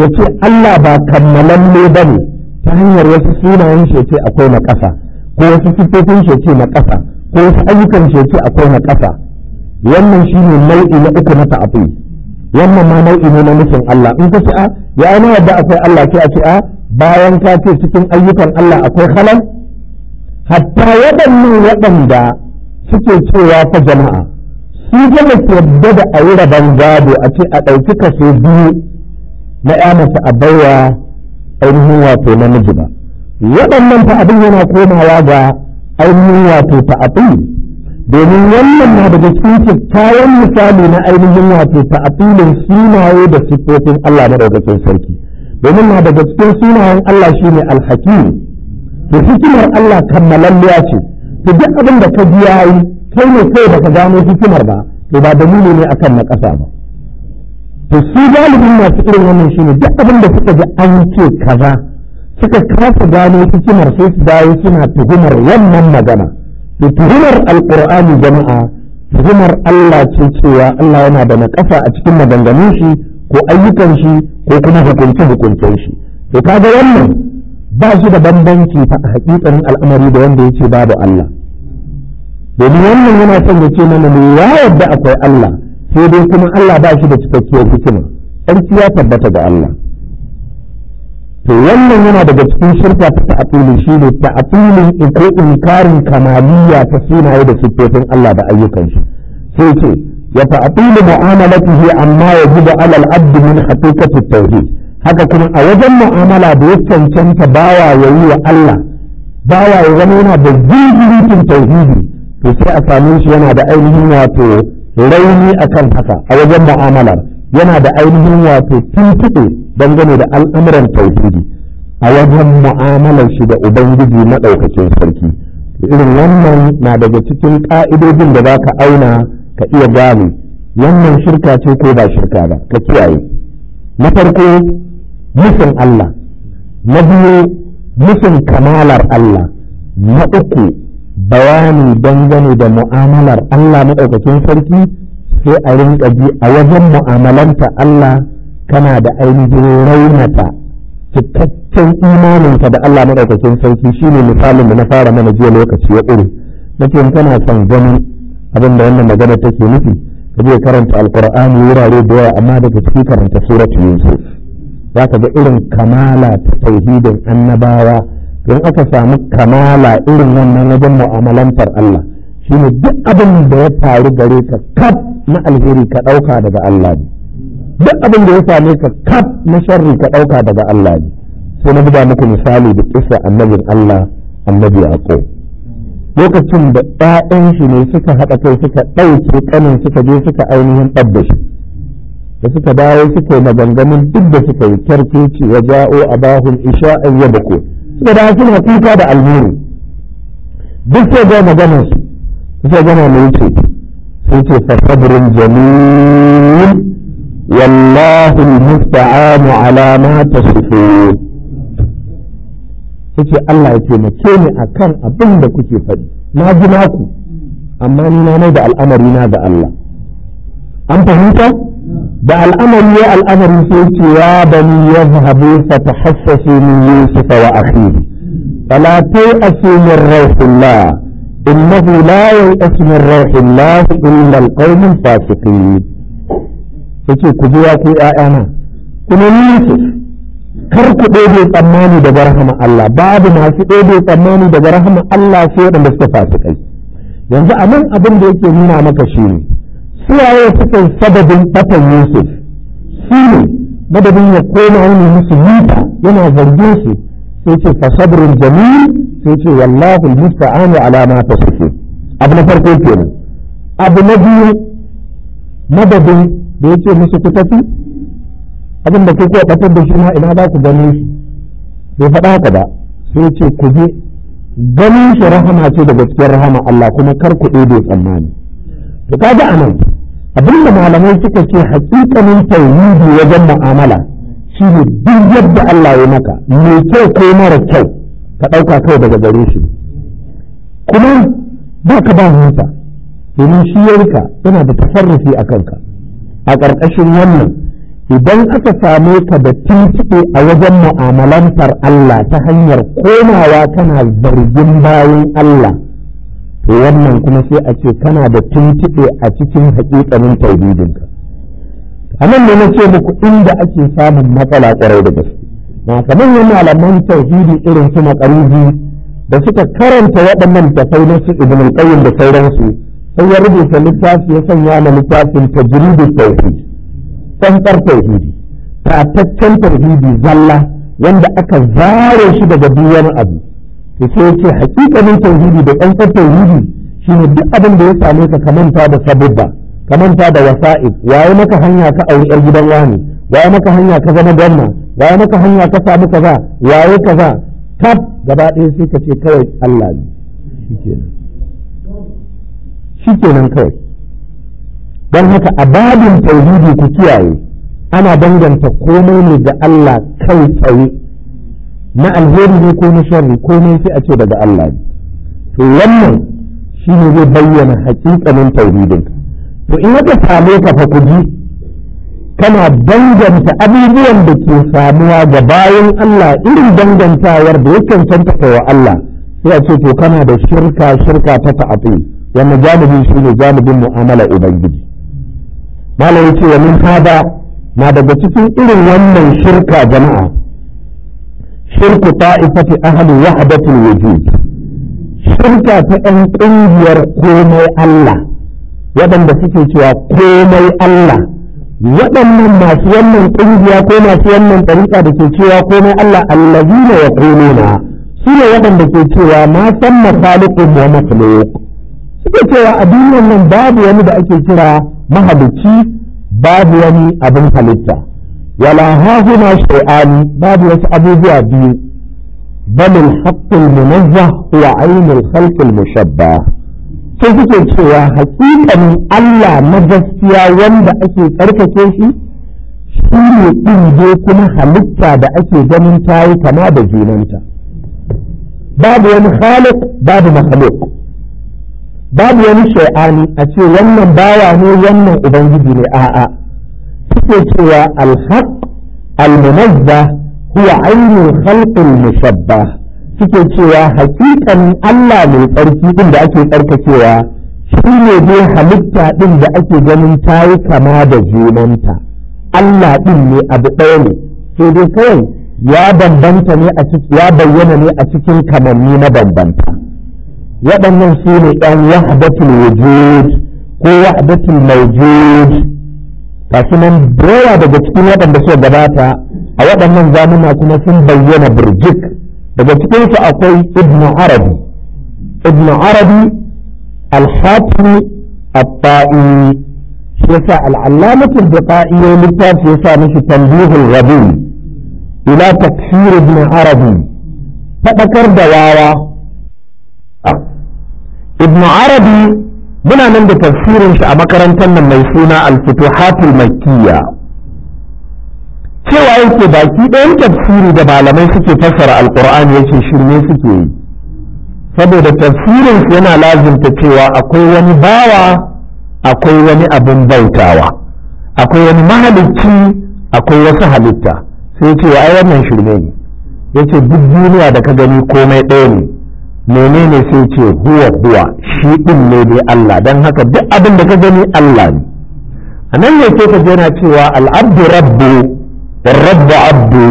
ya ce Allah ba kammalan ne ba ne ta hanyar wasu sunayen shi ce akwai na ƙasa ko wasu siffofin shi na ƙasa ko wasu ayyukan shi akwai na ƙasa wannan shi ne nau'i na uku na ta'afi wannan ma nau'i ne na nufin Allah in ka ce a ah, ya aina yadda akwai Allah ke a ce ah, bayan ka ce cikin ayyukan Allah akwai halal hatta waɗannan waɗanda suke cewa ta jama'a su gama yadda da a yi rabon gado a ce a ɗauki kaso biyu na ya mace a baiwa ainihin wato namiji ba waɗannan ta abin yana komawa ga ainihin wato ta abin domin wannan na daga cikin kyakkyawan misali na ainihin wato ta abin sunaye da siffofin Allah na daukacin sarki domin na daga cikin sunayen Allah shine alhakim to hikimar Allah kammalalliya ce to duk abin da ka ji yayi kai ne kai baka gano hikimar ba to ba dalili ne akan na ƙasa ba to su galibin masu irin wannan shine duk abin da suka ji an ce kaza suka kasa gano hikimar sai su dawo suna tuhumar wannan magana to tuhumar alqur'ani jama'a tuhumar Allah ce cewa Allah yana da naƙasa a cikin maganganun shi ko ayyukan shi ko kuma hukunce hukuncen shi to kaga wannan ba shi da bambanci fa a hakikanin al'amari da wanda yake babu Allah domin wannan yana son ya ce mana mu ya yarda akwai Allah sai dai kuma Allah ba shi da cikakkiyar hikima ƙarfi ya tabbata ga Allah to wannan yana daga cikin shirka ta ta'atili shi ne ta'atili ko inkarin kamaliya ta sunaye da siffofin Allah da ayyukan shi sai ce ya ta'atili mu'amalatihi amma yajibu alal abdi min haqiqati tauhid haka kuma a wajen mu'amala da ya cancanta bawa ya yi wa Allah bawa ya zama yana da zuzurutun tauhidi to sai a same shi yana da ainihin wato rauni kan haka a wajen mu'amalar yana da ainihin wato tuntuɓe dangane da al'amuran tauhidi a wajen mu'amalar shi da ubangiji maɗaukakin sarki irin wannan na daga cikin ƙa'idojin da za ka auna ka iya gane wannan shirka ce ko ba shirka ba ka kiyaye na farko nufin Allah na biyu nufin kamalar Allah na uku bayani dangane da mu'amalar Allah maɗaukakin sarki sai a rinka ji a wajen mu'amalanta Allah kana da ainihin raunata cikakken imaninka da Allah na maɗaukakin sarki shine misalin da na fara mana jiya lokaci ya ƙuri ce kana son ganin abin da wannan magana take nufi ka je karanta alƙur'ani wurare da yawa amma daga cikin karanta suratu yusuf za ka ga irin kamala ta tauhidin annabawa don aka samu kamala irin wannan wajen mu'amalantar Allah shi ne duk abin da ya faru gare ka kaf na alheri ka ɗauka daga Allah ne duk abin da ya same ka kaf na sharri ka ɗauka daga Allah ne sai na buga muku misali da kisa annabin Allah annabi Yaqub lokacin da ɗayan shi ne suka haɗa kai suka ɗauke kanin suka je suka ainihin ɗabda shi da suka dawo suka yi maganganun duk da suka yi ci ya ja'o a isha'an ya bako suka dawo suna kuka da almuru duk sai ga maganar su sai gana mai ce sai ce fa sabrun jamil wallahu almusta'anu ala ma tasifun Allah ya taimake ni akan abin da kuke faɗi na ji naku amma ni na mai da al'amari na ga Allah an fahimta da al'amari ya al'amari sai ce ya bani ya zahabu fa tahassasu min yusuf wa akhihi fala ta'asu min rauhillah innahu la ya'asu min rauhillah illa al-qawm al-fasiqin yace ku ji ya ku ƴaƴana kuma yusuf kar ku ɗebe tsammani daga rahama Allah babu masu ɗebe tsammani daga rahama Allah sai da suka fasikai yanzu a nan abin da yake nuna maka shi ne suwaye suka yi sababin fatan Yusuf shi ne madadin ya koma wani musu mita yana zargin su sai ce fa sabrun jamil sai ce wallahu musta'anu ala ma suke abu na farko kenan abu na biyu madadin da yake musu ku tafi abin da kuka fatar da shi ma ina za ku gani shi bai faɗa haka ba sai ce ku je ganin shi rahama ce daga cikin rahama Allah kuma kar ku ɗebe tsammani to kaga anan abinda malamai suka ce hakikanin tauhidi wajen mu'amala shi ne duk yadda Allah ya maka mai kyau ko mara kyau ka ɗauka kai daga gare shi kuma ba ka ba hanta domin shi yarka yana da tafarrufi a kanka a ƙarƙashin wannan idan aka same ka da tuntuɓe a wajen mu'amalantar Allah ta hanyar komawa kana zargin bayan Allah to wannan kuma sai a ce kana da tuntube a cikin haƙiƙanin tauhidinka a nan ne na ce muku inda ake samun matsala ƙwarai da gaske na kamar yin malaman tauhidi irin su makarizi da suka karanta waɗannan tafai na su ibn al-qayyim da sauransu sai ya rubuta littafi ya sanya na littafin tajridul tauhid tsantsar tauhidi tataccen tauhidi zalla wanda aka zare shi daga duk wani abu to ce ce hakikanin tauhidi da tsantsar tauhidi shine duk abin da ya same ka kamanta da sabubba kamanta da wasa'i waye maka hanya ka auri yar gidan wani waye maka hanya ka zama gwamna waye maka hanya ka samu kaza waye kaza tab gaba ɗaya sai ka ce kawai Allah ne shikenan shikenan kawai don haka a babin tauhidi ku kiyaye ana danganta komai ne ga Allah kai tsaye na alheri ne ko na sharri komai sai a ce daga Allah ne to wannan shi ne zai bayyana hakikanin tauhidin to in aka same ka fa kuji kana danganta abubuwan da ke samuwa ga bayan Allah irin dangantawar da ya cancanta wa Allah sai a ce to kana da shirka shirka ta ta'ati wannan janibin shi ne mu'amala ubangiji malam yace ce wa min hada na daga cikin irin wannan shirka jama'a shirku ta'ifati ahli wahdatul wujud shirka ta ɗan ƙungiyar komai Allah waɗanda suke cewa komai Allah waɗannan masu wannan ƙungiya ko masu wannan ɗariƙa da ke cewa komai Allah allazina ya na su ne waɗanda ke cewa ma san masalikin wa makhluq suke cewa a duniyar nan babu wani da ake kira mahalicci babu wani abin halitta wala hahuna shay'ani babu wasu abubuwa biyu bal al-haqq al-munazzah huwa ayn al-khalq al-mushabbah sai suke cewa hakikanin Allah na gaskiya wanda ake tsarkake shi shi ne ɗin kuma halitta da ake ganin ta yi kama da jinanta babu wani khaliq babu makhluq babu wani shay'ani a ce wannan bawa ne wannan ubangiji ne a'a suke cewa alhaq almunazza huwa ainul khalqil musabba suke cewa hakikan Allah mai tsarki din da ake tsarkakewa shine ne dai halitta din da ake ganin ta yi kama da junanta Allah din ne abu ɗaya ne sai dai kawai ya bambanta ne a cikin ya bayyana ne a cikin kamanni na bambanta waɗannan su ne ɗan wahdatul wujud ko wahdatul mawjud kasu nan da daga cikin waɗanda suka gabata a waɗannan zamuna kuma sun bayyana birjik daga cikinsu akwai ibn arabi ibn arabi al-hatimi al-ta'i yasa al-allamatul biqa'i ya littafi yasa mishi tanbihul rabi ila takfir ibn arabi faɗakar da wawa ah. ibn arabi muna nan da tafsirin shi a makarantar nan mai suna al-futuhatul makkiyya cewa yake baki ɗayan tafsiri da malamai suke fassara alkur'ani yake shirme suke yi saboda tafsirin shi yana lazimta cewa akwai wani bawa akwai wani abin bautawa akwai wani mahalicci akwai wasu halitta sai ce ai wannan shirme ne yace duk duniya da ka gani komai ɗaya ne menene sai ce huwa huwa shi din ne dai Allah dan haka duk abin da ka gani Allah ne anan ne sai ka je cewa al rabbu rabbu abdu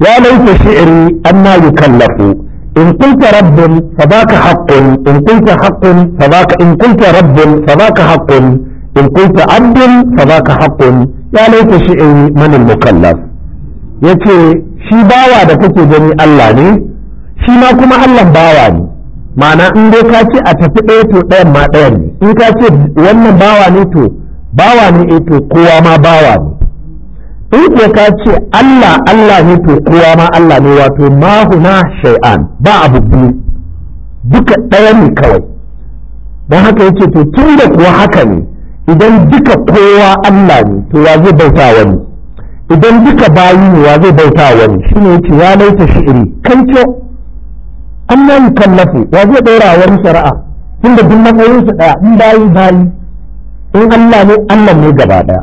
ya laita shi'ri amma yukallafu in kunta rabbun fadaka haqqun in kunta haqqun fadaka in kunta rabbun fadaka haqqun in kunta abdun fadaka haqqun ya laita shi'ri man al-mukallaf yace shi bawa da kake gani Allah ne shi ma kuma Allah bawa ne ma'ana in dai ka ce a tafi ɗaya to ɗayan ma ɗayan ne in ka ce wannan bawa ne to bawa ne e to kowa ma bawa ne in ko ka ce Allah Allah ne to kowa ma Allah ne wato ma huna shay'an ba abu biyu duka ɗaya ne kawai don haka yake to tun da kuwa haka ne idan duka kowa Allah ne to wa zai bauta wani idan duka bayi ne wa zai bauta wani shine yake ya laita shi'iri kanco an yi kallafi ya zai ɗora wani shari'a tun da duk matsayin su ɗaya in bayi bayi in Allah ne Allah ne gaba ɗaya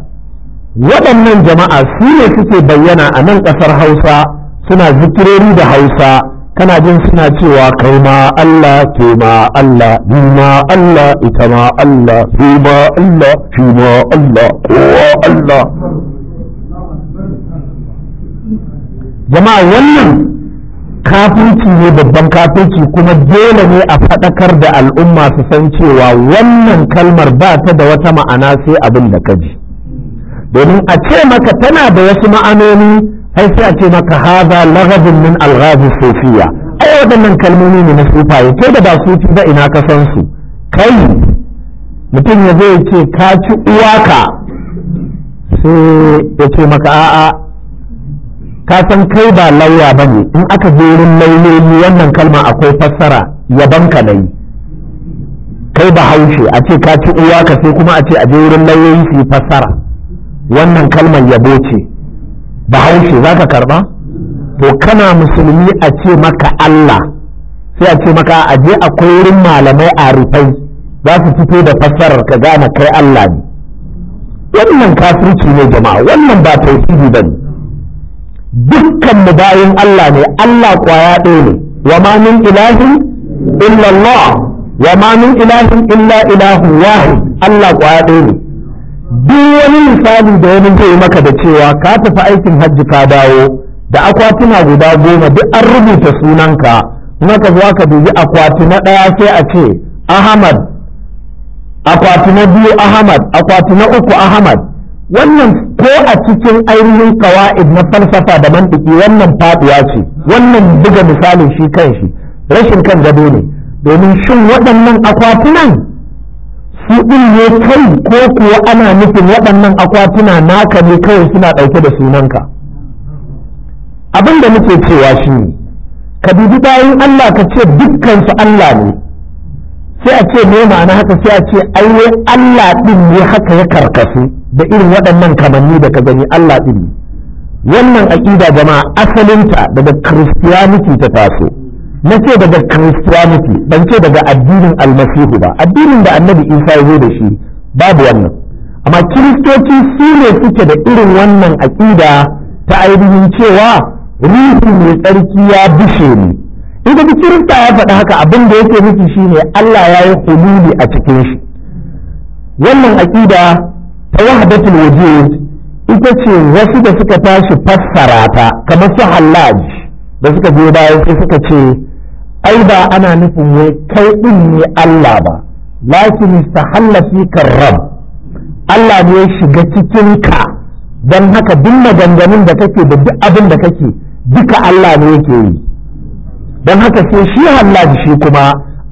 waɗannan jama'a su ne suke bayyana a nan ƙasar Hausa suna zikirori da Hausa kana jin suna cewa kai ma Allah ke ma Allah ni ma Allah ita ma Allah shi ma Allah shi ma Allah kowa Allah jama'a wannan kafirci ne babban kafirci kuma dole ne a faɗakar da al'umma su san cewa wannan kalmar ba ta da wata ma'ana sai abin da ka ji domin a ce maka tana da wasu ma'anoni sai sai a ce maka haza lagabin min alghazi sofiya ai waɗannan kalmomi ne na sufaye ce da ba sufi ba ina ka san su kai mutum ya zai ce ka ci uwaka sai ya ce maka a'a ka san kai ba lauya ba ne in aka je wurin lauyoyi wannan kalma akwai fassara yaban ka nayi kai ba haushe a ce ka ci uwa ka sai kuma a ce a je wurin lauyoyi su fassara wannan kalmar yabo ce ba haushe za ka karba to kana musulmi a ce maka Allah sai a ce maka a je akwai wurin malamai a rufai za su fito da fassarar ka gane kai Allah ne wannan kafirci ne jama'a wannan ba ba ne. dukkan mu bayin Allah ne Allah kwaya ɗaya ne wa ma min ilahin illa wa ma min ilahin illa ilahun wahid Allah kwaya ɗaya ne duk wani misali da wani zai maka da cewa ka tafi aikin hajji ka dawo da akwatuna guda goma duk an rubuta sunanka maka zuwa ka dubi akwati na ɗaya sai a ce Ahmad akwati na biyu Ahmad akwati na uku Ahmad wannan ko a cikin ainihin kawa'id na falsafa da mantiki wannan faduwa ce wannan buga misalin shi kan shi rashin kan gado ne domin shin waɗannan akwatunan su ɗin ne kai ko kuwa ana nufin waɗannan akwatuna naka ne kawai suna ɗauke da sunanka abinda da muke cewa shi ne ka dubi bayan Allah ka ce dukkansu Allah ne sai a ce me ma'ana haka sai a ce ai Allah ɗin ne haka ya karkasu da irin waɗannan kamanni da ka gani Allah ɗin wannan aƙida jama'a asalinta daga christianity ta taso na ce daga christianity ban ce daga addinin almasihu ba addinin da annabi isa ya zo da shi babu wannan amma kiristoci su ne suke da irin wannan aƙida ta ainihin cewa ruhu mai tsarki ya bishe ni ita da kirista ya faɗi haka abin da yake nufi shine Allah ya yi hululi a cikin shi wannan aƙida ta wahdatul wujud ita ce wasu da suka tashi fassara ta kamar su hallaj da suka je baya sai suka ce ai ba ana nufin wai kai din ne Allah ba lakin istahalla fi karram Allah ne ya shiga cikin ka don haka duk maganganun da kake da duk abin da kake duka Allah ne yake yi don haka sai shi hallaj shi kuma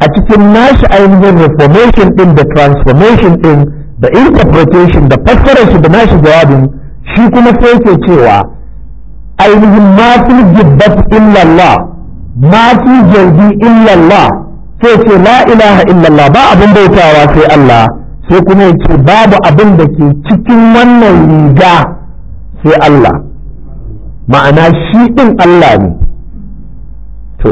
a cikin nashi ainihin reformation din da transformation din da interpretation da fassarar shi da nashi jawabin shi kuma sai ke cewa ainihin ma fi gibbat illallah ma fi jirgi illallah sai ce la ilaha illallah ba abin bautawa sai Allah sai kuma yace babu abin da ke cikin wannan riga sai Allah ma'ana shi din Allah ne to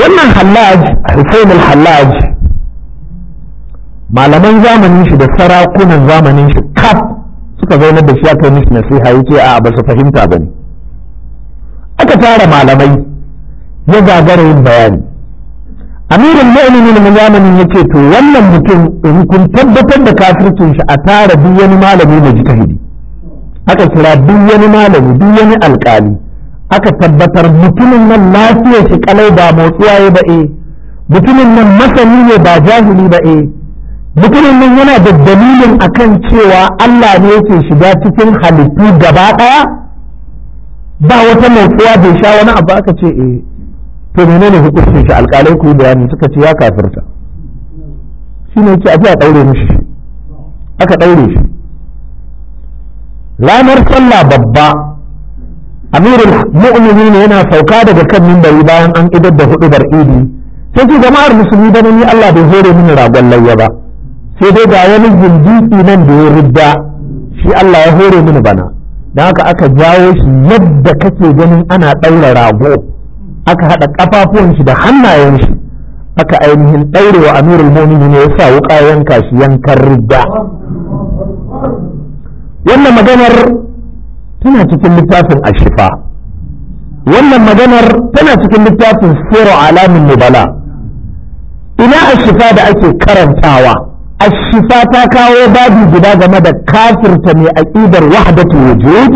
wannan hallaj Hussein al-Hallaj malaman zamanin shi da sarakunan zamanin shi kaf suka zaunar da shi aka yi mishi nasiha yake a ba su fahimta ba ne aka tara malamai ya gagara yin bayani amirin mu'minin na zamanin ce to wannan mutum in kun tabbatar da kafircin shi a tara duk wani malami mai jitahidi aka kira duk wani malami duk wani alkali aka tabbatar mutumin nan lafiyar shi kalai ba motsuwa ba e mutumin nan masani ne ba jahili ba e mutumin nan yana da dalilin akan cewa Allah ne yake shiga cikin halittu gaba ɗaya ba wata motsuwa bai sha wani abu aka ce eh to menene hukuncin shi alƙalai ku bayani suka ce ya kafirta shi ne ce a a ɗaure mishi aka ɗaure shi ranar sallah babba amirul ne yana sauka daga kan mimbari bayan an idar da bar idi sai ce jama'ar musulmi da ni Allah bai hore mini ragon layya ba sai dai ga wani zindiki nan da ya rudda shi Allah ya hore mini bana don haka aka jawo shi yadda kake ganin ana ɗaura rago aka haɗa ƙafafuwan shi da hannayen shi aka ainihin ɗaurewa amirul mu'minin ne ya sa wuƙa yanka shi yankan rudda wannan maganar tana cikin littafin ashifa wannan maganar tana cikin littafin sura alamin mubala ina ashifa da ake karantawa ashifa ta kawo babu guda game da kafirta mai aƙidar wahdatul waje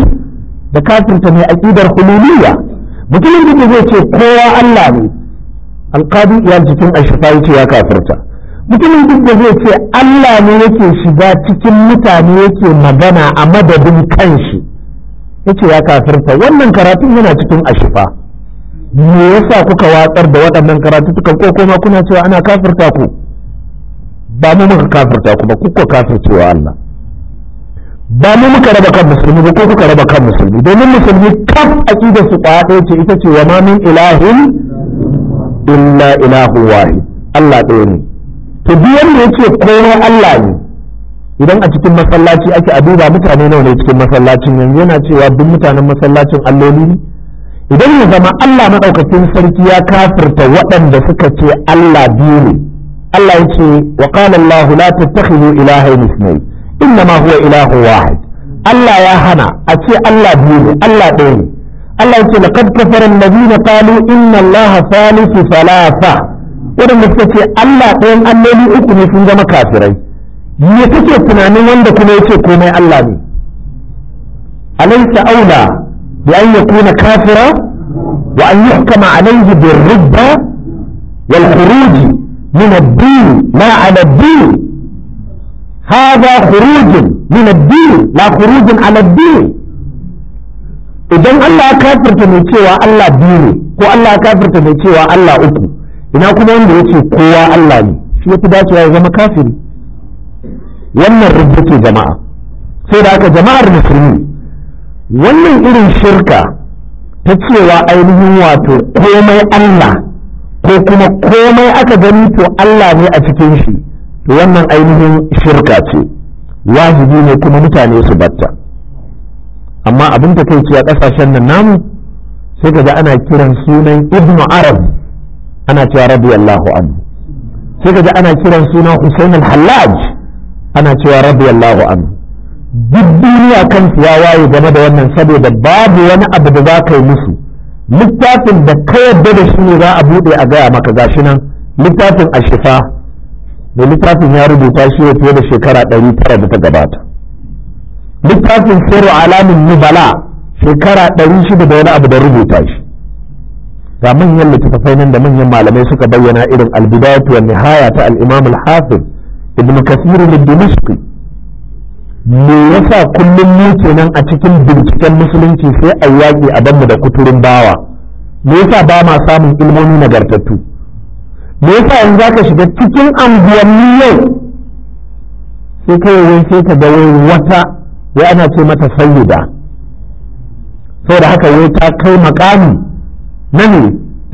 da kafirta mai aƙidar hululiyya mutumin da zai ce kowa Allah ne alqadi ya cikin ashifa yace ya kafirta mutumin duk da zai ce Allah ne yake shiga cikin mutane yake magana a madadin kanshi yace ya kafirta wannan karatun yana cikin ashifa me yasa kuka watsar da waɗannan karatu ko kuma kuna cewa ana kafirta ku ba mu muka kafirta kuma kuka kafircewa Allah ba mu muka raba kan musulmi ba ko kuka raba kan musulmi domin musulmi kaf aqidar su kwaya ɗaya ce ita ce wa ma min ilahin illa ilahu wahid Allah ɗaya ne to duk wanda yake komai Allah ne idan a cikin masallaci ake a duba mutane nawa ne cikin masallacin yanzu yana cewa duk mutanen masallacin alloli ne idan ya zama Allah madaukakin sarki ya kafirta waɗanda suka ce Allah biyu ne Allah yake wa qala Allah la tattakhidhu ilahayn ithnayn innama huwa ilahu wahid Allah ya hana a ce Allah biyu ne Allah ɗaya ne Allah yake laqad kafara alladhina qalu inna Allah thalithu thalatha wadanda suka ce Allah ɗayan alloli uku ne sun zama kafirai me kake tunanin wanda kuma yace komai Allah ne alaysa aula bi an yakuna kafira wa an yuhkama alayhi rigba wal khuruji من الدين لا على الدين هذا خروج من الدين لا خروج على الدين idan Allah kafirta mai cewa Allah biyu ne ko Allah kafirta mai cewa Allah uku ina kuma wanda ya ce kowa Allah ne shi ya fi dacewa ya zama kafiri wannan rubuce jama'a sai da aka jama'ar musulmi wannan irin shirka ta cewa ainihin wato komai Allah ko kuma komai aka gani to Allah ne a cikin shi to wannan ainihin shirka ce wajibi ne kuma mutane su batta amma abin da kai a kasashen nan namu sai kaga ana kiran sunan ibnu arab ana cewa radiyallahu anhu sai kaga ana kiran sunan husain al-hallaj ana cewa radiyallahu anhu duk duniya kansu ya waye game da wannan saboda babu wani abu da za ka yi musu littafin da ka yadda da shi ne za a buɗe a gaya maka gashi nan littafin a shifa da littafin ya rubuta shi ya fiye da shekara ɗari tara da ta gabata littafin sirru alamin nubala shekara ɗari shida da wani abu da rubuta shi ga manyan littattafai nan da manyan malamai suka bayyana irin albibatuwa wa nihaya ta al-imam al-hafiz ibn kathir al-dimashqi me yasa kullum mu kenan a cikin binciken musulunci sai a yaƙi a banmu da kuturin bawa me yasa ba ma samun ilmomi nagartattu me yasa yanzu zaka shiga cikin anguwanni yau sai kai wai sai ka ga wai wata ya ana ce mata sayyida saboda haka wai ta kai makami na ne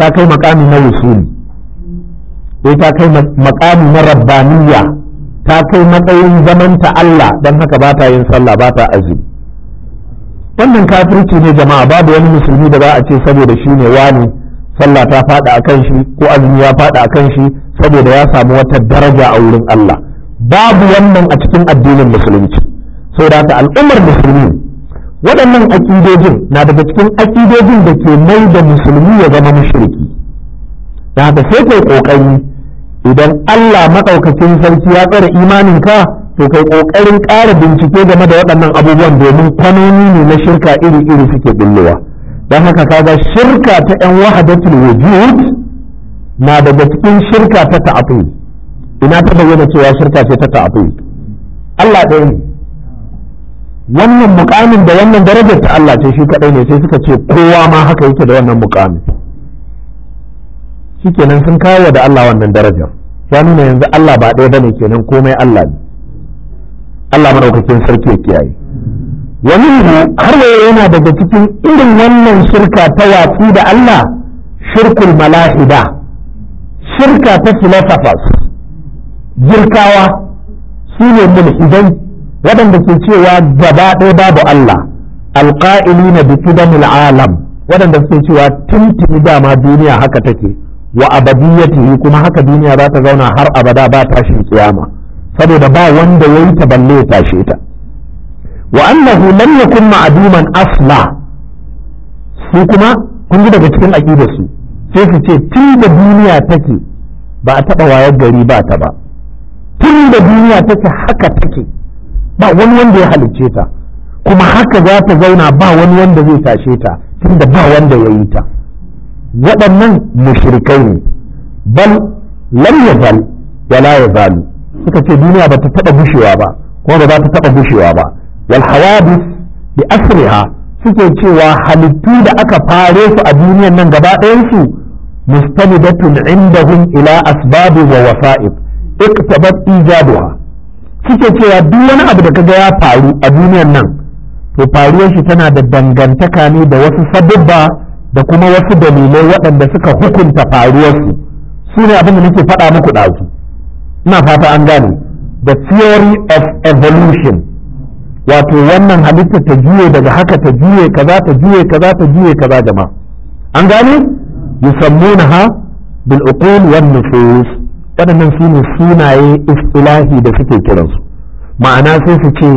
ta kai makami na wusuli ta kai makami na rabbaniyya ta kai matsayin zamanta Allah don haka ba ta yin sallah ba ta azumi wannan kafirci ne jama'a babu wani musulmi da za a ce saboda shi ne wani sallah ta faɗa a kan shi ko azumi ya fada a kan shi saboda ya samu wata daraja a wurin Allah babu wannan a cikin addinin musulunci sau da haka al'ummar musulmi waɗannan aƙidojin na daga cikin aƙidojin da ke mai da musulmi ya zama mashirki da haka sai kai ƙoƙari idan Allah maɗaukakin sarki ya tsare ka to kai ƙoƙarin ƙara bincike game da waɗannan abubuwan domin kwanoni ne na shirka iri-iri suke billowa don haka kaga shirka ta 'yan wahadatul wujud na daga cikin shirka ta ta'afi ina ta bayyana cewa shirka ce ta ta'afi Allah ɗaya ne wannan mukamin da wannan darajar ta Allah ce shi kaɗai ne sai suka ce kowa ma haka yake da wannan mukamin shikenan sun kawo da Allah wannan darajar ya nuna yanzu Allah ba ɗaya bane kenan komai Allah ne Allah madaukakin sarki ya kiyaye wa minhu har wayo yana daga cikin irin wannan shirka ta watsi da Allah shirkul malaida shirka ta philosophers jirkawa su ne mulhidai waɗanda ke cewa gaba ɗaya babu Allah alƙa'ili na bi alam waɗanda suke cewa tuntuni dama duniya haka take wa abadiyatihi kuma haka duniya za ta zauna har abada ba tashin kiyama saboda ba wanda yayi ta balle ya tashe ta wa annahu lam yakun ma'duman asla su kuma kun ji daga cikin aqidar su sai su ce tun da duniya take ba a taba wayar gari ba ta ba tun da duniya take haka take ba wani wanda ya halicce ta kuma haka za ta zauna ba wani wanda zai tashe ta tun da ba wanda ya yi ta waɗannan mushrikai ne bal lam yazal wala yazalu suka ce duniya ba ta taɓa bushewa ba kuma ba za ta taɓa bushewa ba wal hawadith bi asriha suke cewa halittu da aka fare su a duniyan nan gaba ɗayan su mustanidatun indahum ila asbabi wa wasa'ib iktabat ijaduha suke cewa duk wani abu da kaga ya faru a duniyan nan to faruwar shi tana da dangantaka ne da wasu sabubba da kuma wasu dalilai waɗanda suka hukunta faruwarsu su ne abin da nake faɗa muku ɗazu ina fata an gane the theory of evolution wato wannan halitta ta juye daga haka ta juye kaza ta juye kaza ta juye kaza jama an gane ha bil uqul wan nufus wadannan su ne sunaye istilahi da suke kiransu ma'ana sai su ce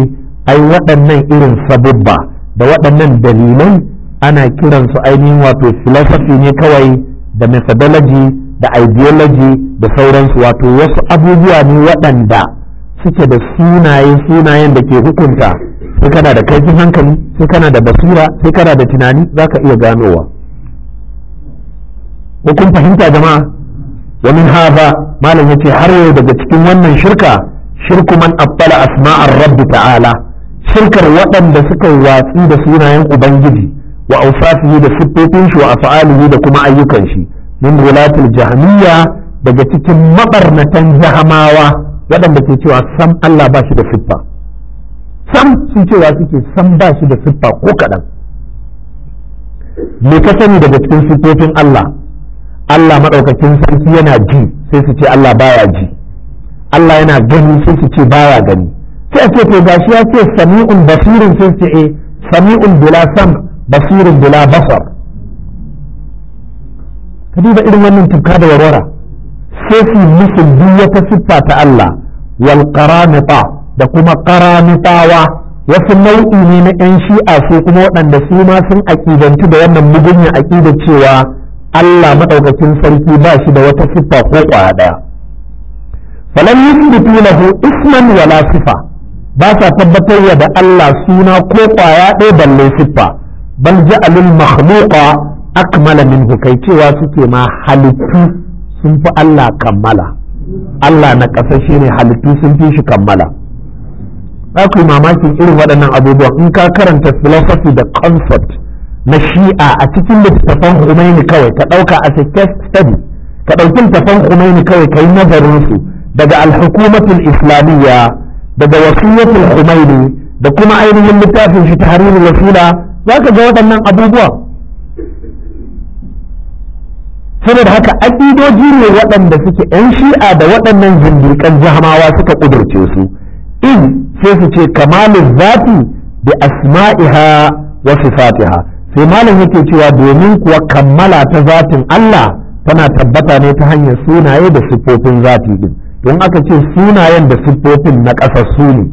ai waɗannan irin sabubba da waɗannan dalilai ana kiransu ainihin wato philosophy ne kawai da methodology da ideology da sauransu wato wasu abubuwa ne waɗanda suke da sunaye sunayen da ke hukunta sai kana da kaifin hankali sai kana da basira sai kana da tunani za ka iya ganowa hukun fahimta jama'a wa min malam yace har yau daga cikin wannan shirka shirku man abbala asma'ar rabbi ta'ala shirkar waɗanda suka watsi da sunayen ubangiji wa awsafihi da siffofin shi wa af'alihi da kuma ayyukan shi min wulatil jahmiya daga cikin mabarnatan jahamawa waɗanda ke cewa sam Allah ba shi da siffa sam sun cewa suke sam ba shi da siffa ko kaɗan me ka sani daga cikin sifofin Allah Allah maɗaukakin sarki yana ji sai su ce Allah baya ji Allah yana gani sai su ce baya gani sai a ce to gashi ya ce sami'un basirin sai su ce eh, sami'un bila sam basirin bila basar ka duba irin wannan tuka da warwara sai su musu duk wata siffa ta Allah wal qaranita da kuma qaranitawa wasu nau'i ne na yan shi'a su kuma waɗanda su ma sun aƙidantu da wannan mugunya aƙida cewa Allah maɗaukakin sarki ba shi da wata siffa ko ƙwaya ɗaya falan yusbitu lahu isman wala sifa ba sa tabbatar da Allah suna ko ƙwaya ɗaya balle siffa bal ja'alul makhluqa akmala minhu kai cewa suke ma halittu sun fi Allah kammala Allah na kasashe ne halittu sun fi shi kammala za ku yi mamakin irin waɗannan abubuwan in ka karanta philosophy da concept na shi'a a cikin littattafan humaini kawai ka ɗauka a case study ka ɗauki littattafan humaini kawai ka yi nazarin su daga alhukumatul islamiyya daga wasiyatul humaini da kuma ainihin littafin shi da wasila za ka ga waɗannan abubuwa saboda haka aƙidoji ne waɗanda suke 'yan shi'a da waɗannan zindirkan jahamawa suka ƙudurce su in sai su ce kamalin zafi da asma'iha wasu fatiha sai malam yake cewa domin kuwa kammala ta zafin Allah tana tabbata ne ta hanyar sunaye da siffofin zafi din don aka ce sunayen da siffofin na ƙasa su ne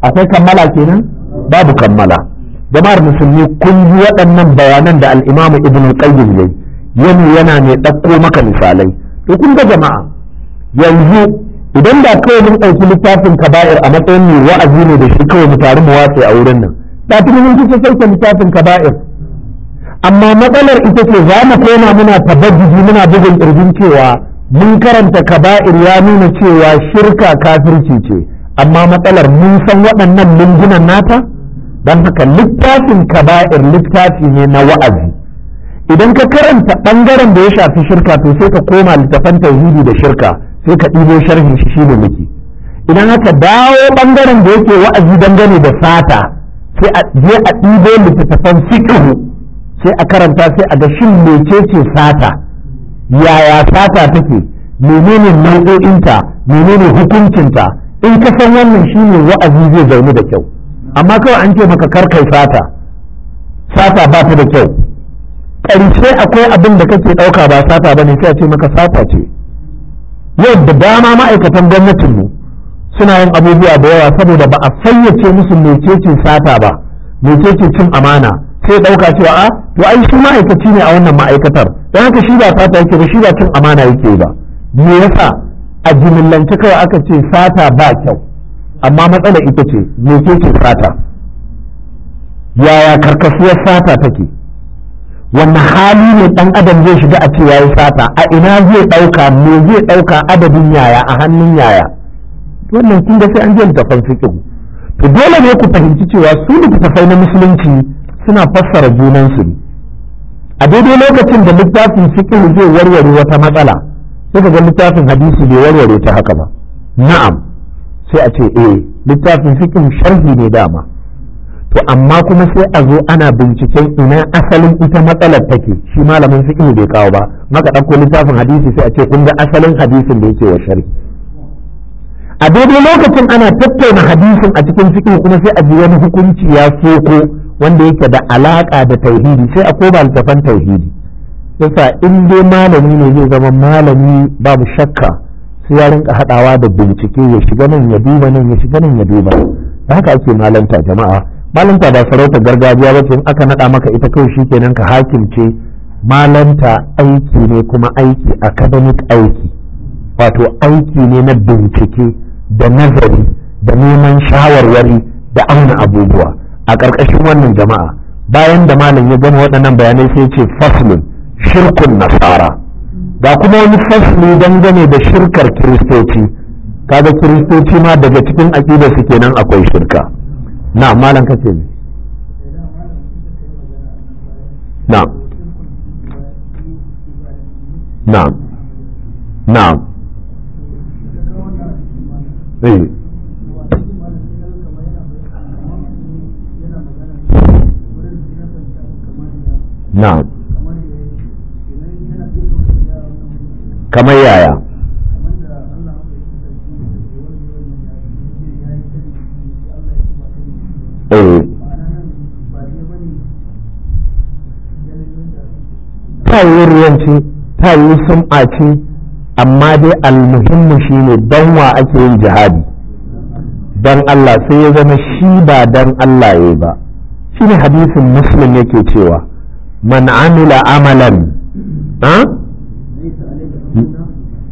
akwai kammala kenan babu kammala jama'ar musulmi kun yi waɗannan bayanan da al'imamu ibn al-qayyim yayi yana yana ne ɗauko maka misalai to kun ga jama'a yanzu idan da kawai mun ɗauki littafin kaba'ir a matsayin mai wa'azi ne da shi kawai mu taru mu watse a wurin nan da tuni mun kusa sauke littafin kaba'ir amma matsalar ita ce za mu koma muna tabajiji muna bugun ƙirjin cewa mun karanta kaba'ir ya nuna cewa shirka kafirci ce amma matsalar mun san waɗannan lungunan nata don haka littafin kaba'ir littafi ne na wa'azi idan ka karanta ɓangaren da ya shafi shirka to sai ka koma littafan tauhidi da shirka sai ka ɗibo sharhin shi shine muke idan haka dawo ɓangaren da yake wa'azi dangane da fata sai a je a ɗibo littafan fiqhu sai a karanta sai a ga shin mecece fata yaya fata take menene nau'o'inta menene hukuncinta in ka san wannan shine wa'azi zai zaune da kyau amma kawai an ce maka karkai sata sata ba ta da kyau ƙarshe akwai abin da kake ɗauka ba sata ba ne sai a ce maka sata ce yau da dama ma'aikatan gwamnatin mu suna yin abubuwa da yawa saboda ba a fayyace musu mecece sata ba mecece cin amana sai ɗauka cewa a ah, to ai shi ma'aikaci ne a wannan ma'aikatar don haka shi ba sata yake ba shi ba cin amana yake ba me yasa a jimillance kawai aka ce sata ba kyau amma matsala ita ce me ke ce fata yaya karkasuwar fata take wanne hali ne dan adam zai shiga a ce yayi fata a ina zai dauka me zai dauka adadin yaya a hannun yaya wannan kun ga sai an janta fanfiqu to dole ne ku fahimci cewa su littattafai na musulunci suna fassara junansu ne a daidai lokacin da littafin fiqh zai warware wata matsala sai ga littafin hadisi bai warware ta haka ba na'am sai a ce eh littafin fikin sharhi ne dama to amma kuma sai a zo ana binciken ina asalin ita matsalar take shi malamin fikin bai kawo ba maka ɗauko littafin hadisi sai a ce kun ga asalin hadisin da yake wa sharhi a daidai lokacin ana tattauna hadisin a cikin fikin kuma sai a ji wani hukunci ya soko wanda yake da alaka da tauhidi sai a koba littafan tauhidi yasa in dai malami ne zai zama malami babu shakka sai ya rinka haɗawa da bincike ya shiga nan ya duba nan ya shiga nan ya duba da haka ake malanta jama'a malanta ba sarauta gargajiya ba ce in aka naɗa maka ita kawai shi kenan ka hakimce malanta aiki ne kuma aiki academic aiki wato aiki ne na bincike da nazari da neman shawarwari da auna abubuwa a ƙarƙashin wannan jama'a bayan da malam ya gama waɗannan bayanai sai ce faslun shirkun nasara ga kuma wani fasli dangane da shirkar kiristoci kaga kiristoci ma daga cikin aƙida su kenan akwai shirka na malam kake ne na na na eh. na kamar yaya eh. ta yi ruwan ce ta yi sum'a ce amma dai shi ne don wa ake yin jihadi don Allah sai ya zama shi ba don Allah ya ba ne hadisin muslim yake cewa man amila amalan ah?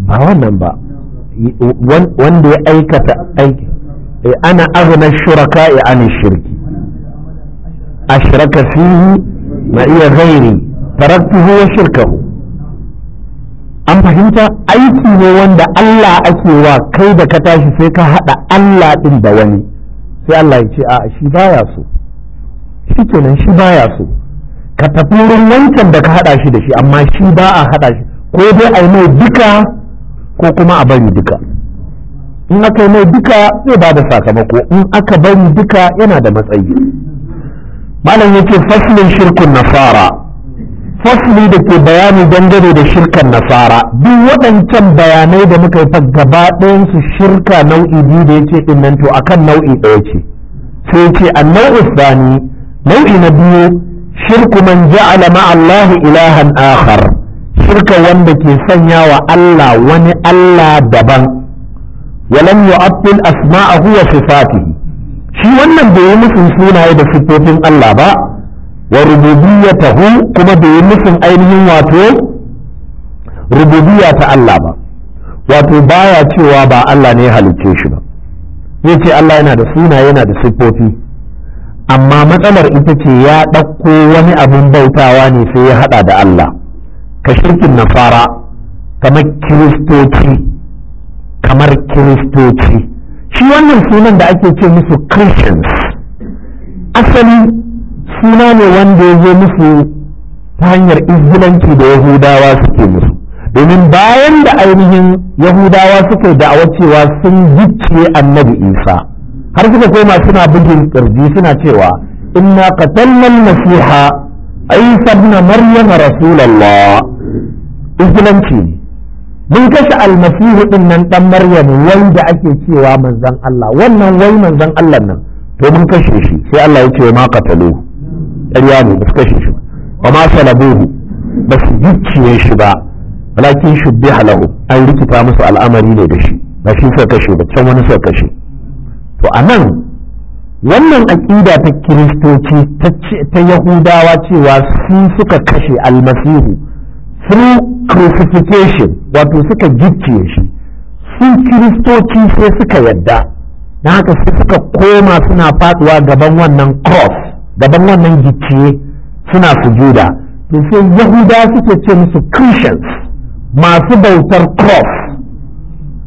ba wannan ba wanda ya aikata aiki eh, ana aghna shuraka ya ana shirki shiraka fi ma iya ghairi taraktuhu shirka shirkahu an fahimta aiki ne wanda Allah ake wa kai da ka tashi sai ka hada Allah din da wani sai Allah ya ce a shi baya so shi kenan shi baya so ka tafi wurin wancan da ka hada shi da shi amma shi ba a hada shi ko dai a yi mai duka ko kuma a bari duka in aka yi mai duka zai ba da sakamako in aka bari duka yana da matsayi malam yake faslin shirkun nasara fasli da ke bayani dangane da shirkan nasara duk waɗancan bayanai da muka yi fa gaba ɗayansu shirka nau'i biyu da yace ɗinnan to a kan nau'i ɗaya ce sai yace nau'i sani nau'i na biyu shirku man ja'ala Allahu ilahan akhar shirka wanda ke sanya wa Allah wani Allah daban walam yu'attil asma'ahu wa sifatihi shi wannan bai yi musun sunaye da siffofin Allah ba wa rububiyyatahu kuma bai yi musun ainihin wato rububiyya ta Allah ba wato baya cewa ba Allah ne ya halicce shi ba yace Allah yana da sunaye yana da siffofi amma matsalar ita ce ya ɗauko wani abin bautawa ne sai ya haɗa da Allah ka shirkin nasara kamar kiristoci kamar kiristoci shi wannan sunan da ake ce musu christians asali suna ne wanda ya zo musu ta hanyar izgilanci da yahudawa suke musu domin bayan da ainihin yahudawa suke da cewa sun gicciye annabi isa har suka koma suna bugin kirji suna cewa inna qatalna masiha isa ibn maryam rasulullah ne mun kashe almasihu din nan dan maryam wanda ake cewa manzon Allah wannan wai manzon Allah nan to mun kashe shi sai Allah ya ce ma qatalu ƙarya ne ba su kashe shi ba ma salabuhu ba su gicciye shi ba walakin shubbiha lahu an rikita musu al'amari ne da shi ba shi suka kashe ba can wani suka kashe to anan wannan aƙida ta kiristoci ta yahudawa cewa su suka kashe almasihu through crucifixion wato suka gicciye shi su kiristoci sai suka yadda na haka sai suka koma suna faduwa gaban wannan cross gaban wannan gicciye suna sujuda to sai yahudawa suke ce musu christians masu bautar cross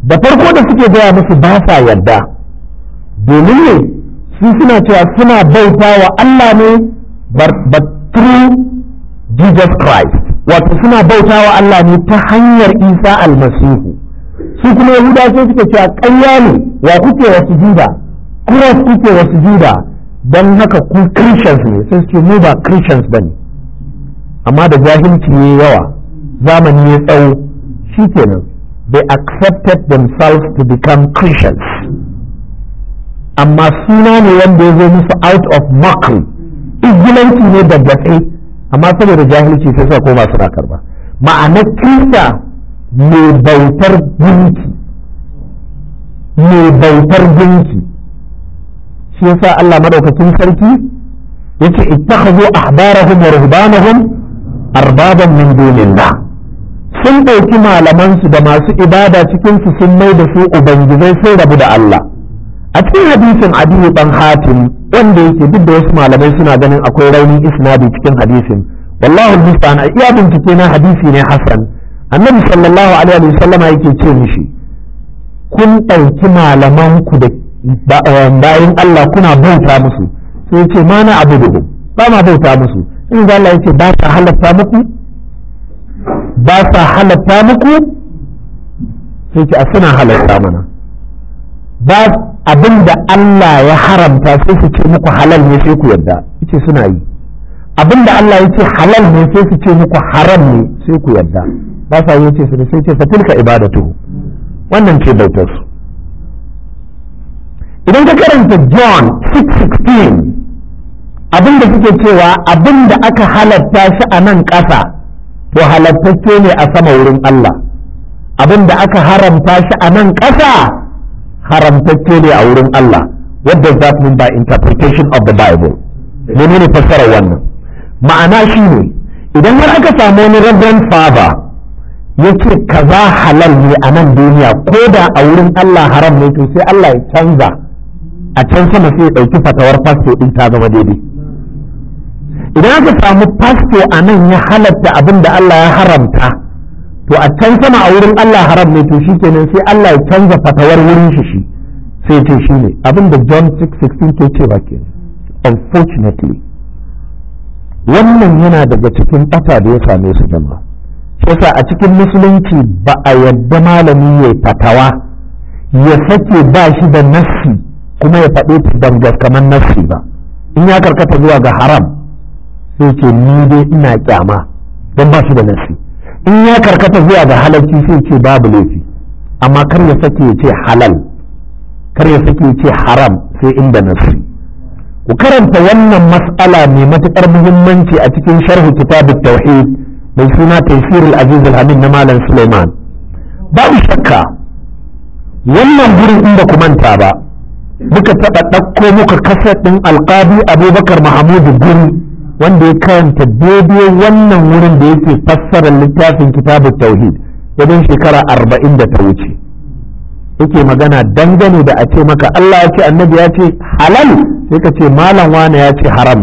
da farko da suke gaya musu ba sa yadda domin ne su suna cewa suna bauta wa Allah ne but through Jesus Christ wato suna bauta wa Allah ne ta hanyar Isa almasihu su kuma Yahuda sai suka cewa ƙarya ne wa kuke wa sujuda kuras kuke wa sujuda don haka ku Christians ne sai suke mu ba Christians bane amma da jahilci ne yawa zamani ya tsawo shikenan they accepted themselves to become Christians amma suna ne wanda ya zo musu out of mockery igilanci ne da gaske. amma saboda jahilci sai sa koma suna karba ma'anar kirista mai bautar gunki mai bautar gunki shi yasa Allah madaukakin sarki yace ittakhadhu ahbarahum wa ruhbanahum arbaban min dunillah sun ɗauki malamansu da masu ibada cikinsu sun mai da su ubangizai sun rabu da Allah a cikin hadisin adiyu dan hatim wanda yake duk da wasu malamai suna ganin akwai raunin isnadi cikin hadisin wallahu musta'an a iya bincike na hadisi ne hasan annabi sallallahu alaihi wa sallama yake ce mishi kun ɗauki malaman ku da eh, bayan Allah kuna bauta musu sai ce ma na abu da ba ma bauta musu in Allah yake ba sa halatta muku ba sa halatta muku sai ce a suna halatta mana ba abin da Allah ya haramta sai su ce muku halal ne sai ku yarda yace suna yi abin da Allah ya ce halal ne sai su ce muku haram ne sai ku yarda ba sa yi yace su ne sai ce fa tilka ibadatu wannan ce bautar su idan ka karanta John 6:16 abin da suke cewa abin da aka halatta shi a nan ƙasa to halattacce ne a sama wurin Allah abin da aka haramta shi a nan ƙasa haramtacce ne a wurin Allah what does that mean by interpretation of the bible ne fassarar wannan ma'ana shine idan har aka samu wani reverend father yake kaza halal ne a nan duniya ko da a wurin Allah haram ne to sai Allah ya canza a can sama sai ya ɗauki fatawar fasto din ta zama daidai idan aka samu fasto a nan ya halatta abin da Allah ya haramta to a can sama a wurin Allah haram ne to shi kenan sai Allah ya canza fatawar wurin shi shi sai ce shi ne abin John 6:16 ke cewa ke unfortunately wannan yana daga cikin ɓata da ya same su jama'a yasa a cikin musulunci ba a yadda malami ya fatawa ya sake ba shi da nassi kuma ya faɗe ta dangaskaman nassi ba in ya karkata zuwa ga haram sai ce ni dai ina kyama don ba shi da nassi in ya karkata zuwa ga halarci sai ce babu laifi amma kar ya sake ya ce halal kar ya sake ya ce haram sai inda nasi ku karanta wannan mas'ala mai matuƙar muhimmanci a cikin sharhu kitabut tauhid mai suna tafsirul aziz alhamin na malam suleiman babu shakka wannan gurin inda ku manta ba muka taɓa ɗauko muka kasa ɗin alƙabi abubakar mahamudu guri wanda ya karanta daidai wannan wurin da yake fassarar littafin kitabun tauhid wajen shekara arba'in da ta wuce yake magana dangane da a ce maka Allah ya ce annabi ya ce halal sai ka ce malam wane ya ce haram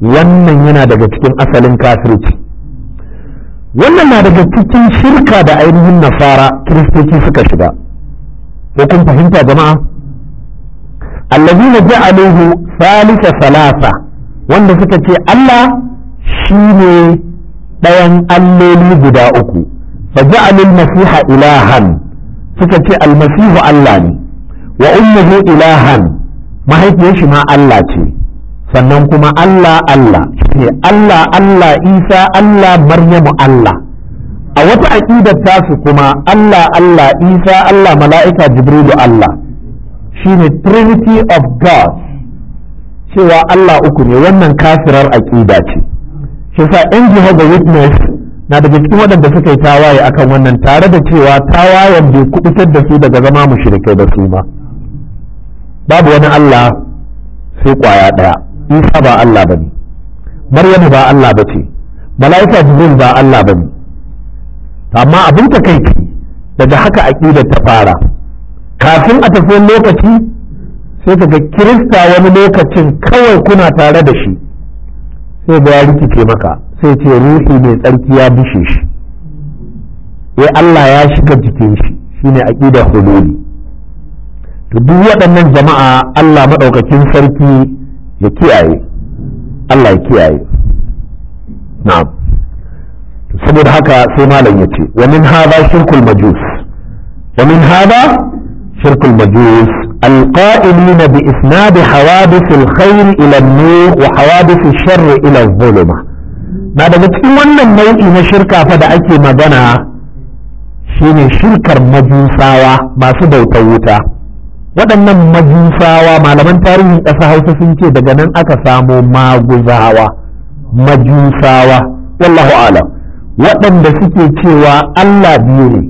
ne wannan yana daga cikin asalin kafirci wannan na daga cikin shirka da ainihin nasara kiristoci suka shiga ko kun fahimta jama'a allazina ja'aluhu salisa salasa wanda suka ce Allah shi ne ɗayan alloli guda uku fa ja'alul masiha ilahan suka ce almasihu Allah ne wa ummuhu ilahan mahaifiyar shi ma Allah ce sannan kuma Allah Allah ne Allah Allah Isa Allah Maryamu Allah a wata aƙidar tasu kuma Allah Allah Isa Allah mala'ika Jibrilu Allah shine Trinity of God cewa Allah uku ne wannan kafirar aƙida ce shi sa yan Jehovah Witness na daga cikin waɗanda suka yi tawaye akan wannan tare da cewa tawayen bai kubutar da su daga zama mushrikai da su ba babu wani Allah sai ƙwaya ɗaya Isa ba Allah ne Maryamu ba Allah bace Mala'ika Jibril ba Allah ne amma abin takaici daga haka aƙidar ta fara kafin a tafi lokaci sai ka ga kirista wani lokacin kawai kuna tare da shi sai ga ya rikice maka sai ce ruhi mai tsarki ya bishe shi ya Allah ya shiga jikin shi shine aqidar hululi to duk waɗannan jama'a Allah madaukakin sarki ya kiyaye Allah ya kiyaye na'am saboda haka sai malam yace wa min hadha shirkul majus wa min hadha shirkul majus القائلين بإسناد حوادث الخير إلى النور وحوادث الشر إلى الظلمة na daga cikin wannan nau'i na shirka fa ake magana shine shirkar majusawa masu bautar wuta waɗannan majusawa malaman tarihin ƙasa hausa sun ce daga nan aka samo maguzawa majusawa wallahu alam waɗanda suke cewa allah biyu ne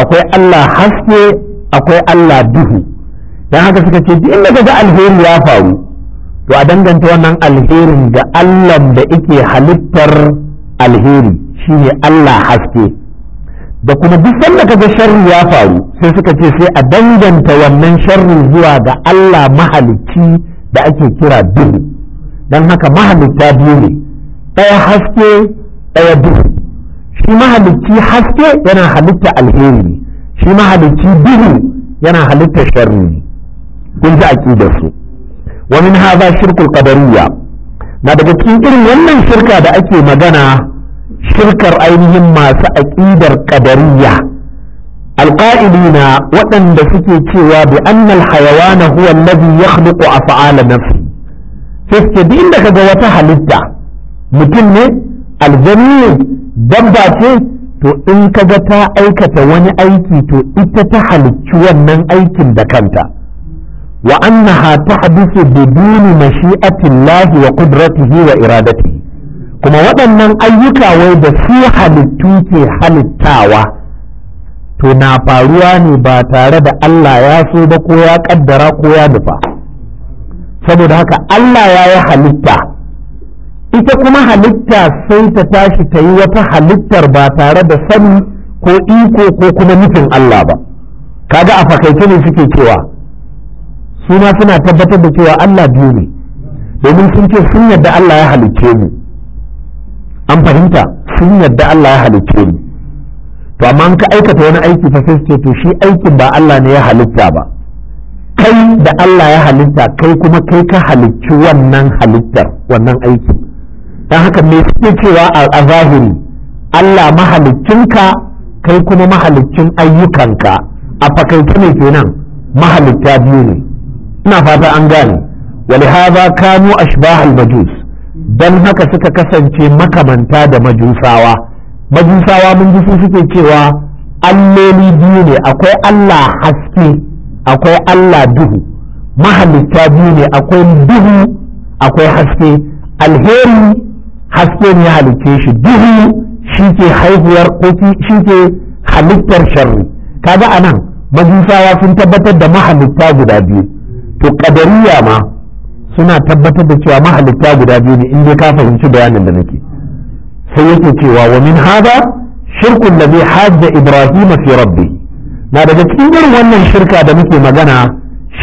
akwai allah haske akwai allah duhu dan haka suka ce duk inda ga alheri ya faru to a danganta wannan alherin ga Allah da yake halittar alheri shine Allah haske da kuma duk sanda kaga sharri ya faru sai suka ce sai a danganta wannan sharri zuwa ga Allah mahalicci da ake kira duhu dan haka mahalicci biyu ne ɗaya haske ɗaya duhu shi mahalicci haske yana halitta alheri shi mahalicci duhu yana halitta sharri ne kun ji aqidar su wa min hadha shirkul qadariyya na daga cikin irin wannan shirka da ake magana shirkar ainihin masu aqidar qadariyya alqa'ilina waɗanda suke cewa bi annal na huwa alladhi yakhluqu af'ala nafsi sai duk da kaga wata halitta mutum ne aljani ne dabba ce to in kaga ta aikata wani aiki to ita ta halicci wannan aikin da kanta wa annaha tahdusu biduni mashi'atillahi wa qudratihi wa iradatihi kuma waɗannan ayyuka wai da su halittu ke halittawa to na faruwa ne ba tare da Allah ya so ba ko ya kaddara ko ya nufa saboda haka Allah ya yi halitta ita kuma halitta sai ta tashi ta yi wata halittar ba tare da sani ko iko ko kuma nufin Allah ba kaga a fakaice ne suke cewa su ma suna tabbatar da cewa Allah biyu ne domin sun ce sun yadda Allah ya halicce mu an fahimta sun yadda Allah ya halicce mu to amma an ka aikata wani aiki fa sai ce to shi aikin ba Allah ne ya halitta ba kai da Allah ya halitta kai kuma kai ka halicci wannan halittar wannan aiki don haka me suke cewa a zahiri Allah mahalicinka kai kuma mahalicin ayyukanka a fakaice ne kenan mahalitta biyu ne ina fata an gane kanu كانوا أشباه majus don haka suka kasance makamanta da majusawa majusawa mun ji su suke cewa alloli biyu ne akwai Allah haske akwai Allah duhu mahalitta biyu ne akwai duhu akwai haske alheri haske ne ya halicce shi duhu shi ke haihuwar kofi shi ke halittar sharri kaga anan majusawa sun tabbatar da mahalitta guda biyu to kadariya ma suna tabbatar da cewa mahalitta guda biyu ne in dai ka fahimci bayanin da nake sai yake cewa wa min hada shirkun da zai hajja ibrahim fi rabbi na daga cikin wannan shirka da muke magana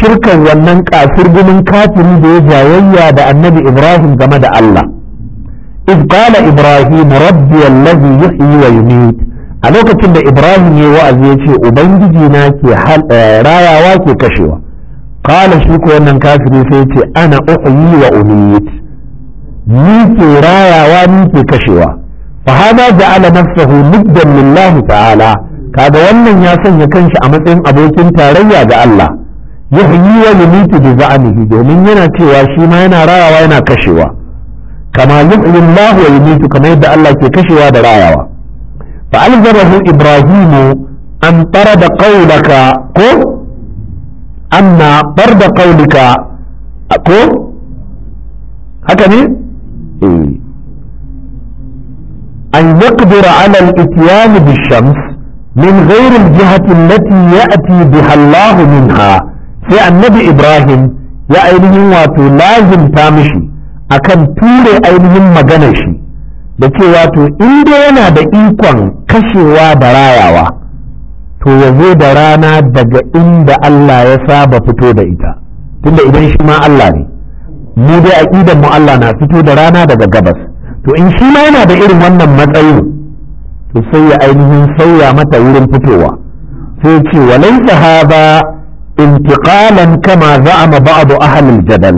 shirkan wannan kafir gumin kafiri da ya jayayya da annabi ibrahim game da allah إذ قال إبراهيم ربي الذي يحيي ويميت a lokacin da ibrahim ya wa'azi ya ce ubangiji na ke eh, rayawa ke kashewa qala shi ko wannan kafiri sai ce ana uhyi wa umit ni ke rayawa ni ke kashewa fa hada ja'ala nafsahu niddan lillahi ta'ala kaga wannan ya sanya kanshi a matsayin abokin tarayya ga Allah yahyi wa yumitu bi za'amihi domin yana cewa shi ma yana rayawa yana kashewa kama yuhyi Allah wa yumitu kamar yadda Allah ke kashewa da rayawa fa alzarahu ibrahimu an tarada qawlaka ko amma bar da kaulika ko haka ne an yaqdura ala al-ityan bi-shams min ghayr al-jihati allati ya'ti biha Allah minha sai annabi Ibrahim ya ainihin wato ta mishi akan ture ainihin maganar shi da ke wato inda yana da ikon kashewa da rayawa to ya zo da rana daga inda Allah ya saba fito da ita tunda idan shi ma Allah ne mu dai aqidan mu Allah na fito da rana daga gabas to in shi ma yana da irin wannan matsayin to sai ya ainihin sauya mata wurin fitowa sai ce walaysa hadha intiqalan kama za'ama ba'd ahli ahalin jadal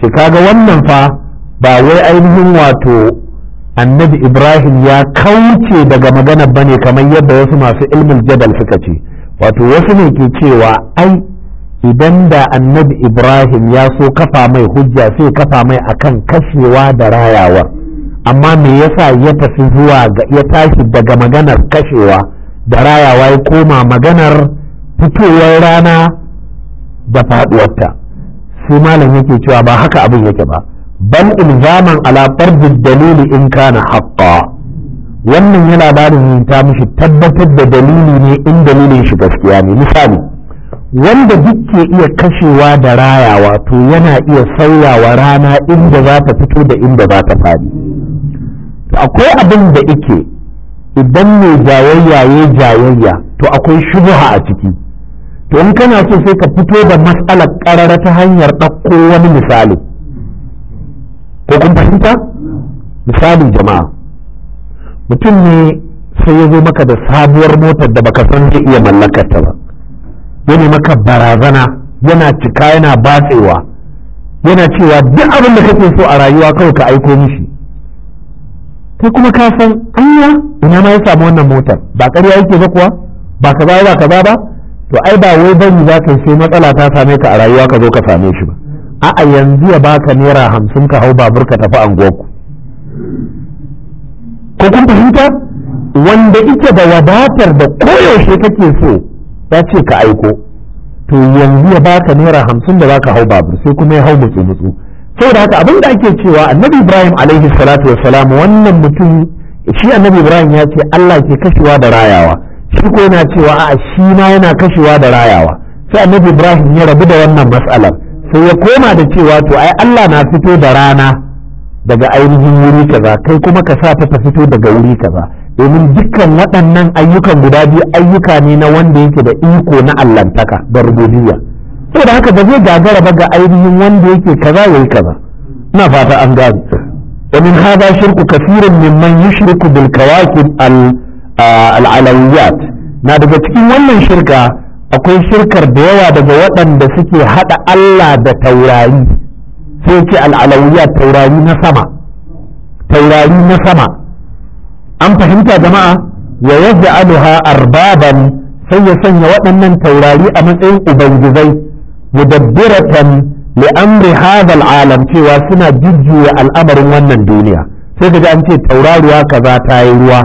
ce kaga wannan fa ba wai ainihin wato annabi ibrahim ya kauce daga maganar bane kamar yadda wasu masu ilmin jadal suka ce wato wasu ne ke cewa ai idan da annabi ibrahim ya so kafa mai hujja sai kafa mai akan kashewa da rayawa amma me yasa ya tafi zuwa ga ya tashi daga maganar kashewa da rayawa ya koma maganar fitowar rana da faduwarta sai malam yake cewa ba haka abin yake ba بل ilzaman على فرض dalili in كان حقا wannan yana ba da zuta mishi tabbatar da dalili ne in dalilin shi gaskiya ne misali wanda duk ke iya kashewa da raya wato yana iya sauyawa rana inda za ta fito da inda za ta fadi to akwai abin da ike idan mai jayayya ya jayayya to akwai shubha a ciki to in kana so sai ka fito da matsalar ƙarara ta hanyar ɗauko wani misali ko kun fahimta misali jama'a mutum ne sai ya zo maka da sabuwar motar da baka san zai iya mallakarta ba yana maka barazana yana cika yana batsewa yana cewa duk abin da kake so a rayuwa kawai ka aiko mishi kai kuma ka san anya ina ma ya samu wannan motar ba ƙarya yake ba kuwa ba za ba kaza ba to ai ba wai bari za ka sai matsala ta same ka a rayuwa ka zo ka same shi ba a'a yanzu ya baka naira hamsin ka hau babur ka tafi anguwarku ko kun fahimta wanda ita da wadatar da koyaushe kake so ya ce ka aiko to yanzu ya baka naira hamsin da zaka hau babur sai kuma ya hau mutsu mutsu saboda haka abin da ake cewa annabi ibrahim alaihi salatu wassalam wannan mutum shi annabi ibrahim ya ce allah ke kashewa da rayawa shi ko yana cewa a'a shi ma yana kashewa da rayawa sai annabi ibrahim ya rabu da wannan matsalar sai ya koma da cewa to ai Allah na fito da rana daga ainihin wuri kaza kai kuma ka sa ta fito daga wuri kaza domin dukkan waɗannan ayyukan guda biyu ayyuka ne na wanda yake da iko na allantaka da rububiyya saboda haka ba zai gagara ba ga ainihin wanda yake kaza yayi kaza ina fata an gane ومن هذا شرك كثير ممن يشرك بالكواكب العلويات na daga cikin wannan shirka akwai shirkar da yawa daga waɗanda suke haɗa Allah da taurari sai ce al'alawiyya taurari na sama taurari na sama an fahimta jama'a yadda aluha arbaban sai ya sanya waɗannan taurari a matsayin ubangizai mudabbiratan li amri hadha al'alam cewa suna jujjuya al'amarin wannan duniya sai ka ji an ce tauraruwa kaza ta yi ruwa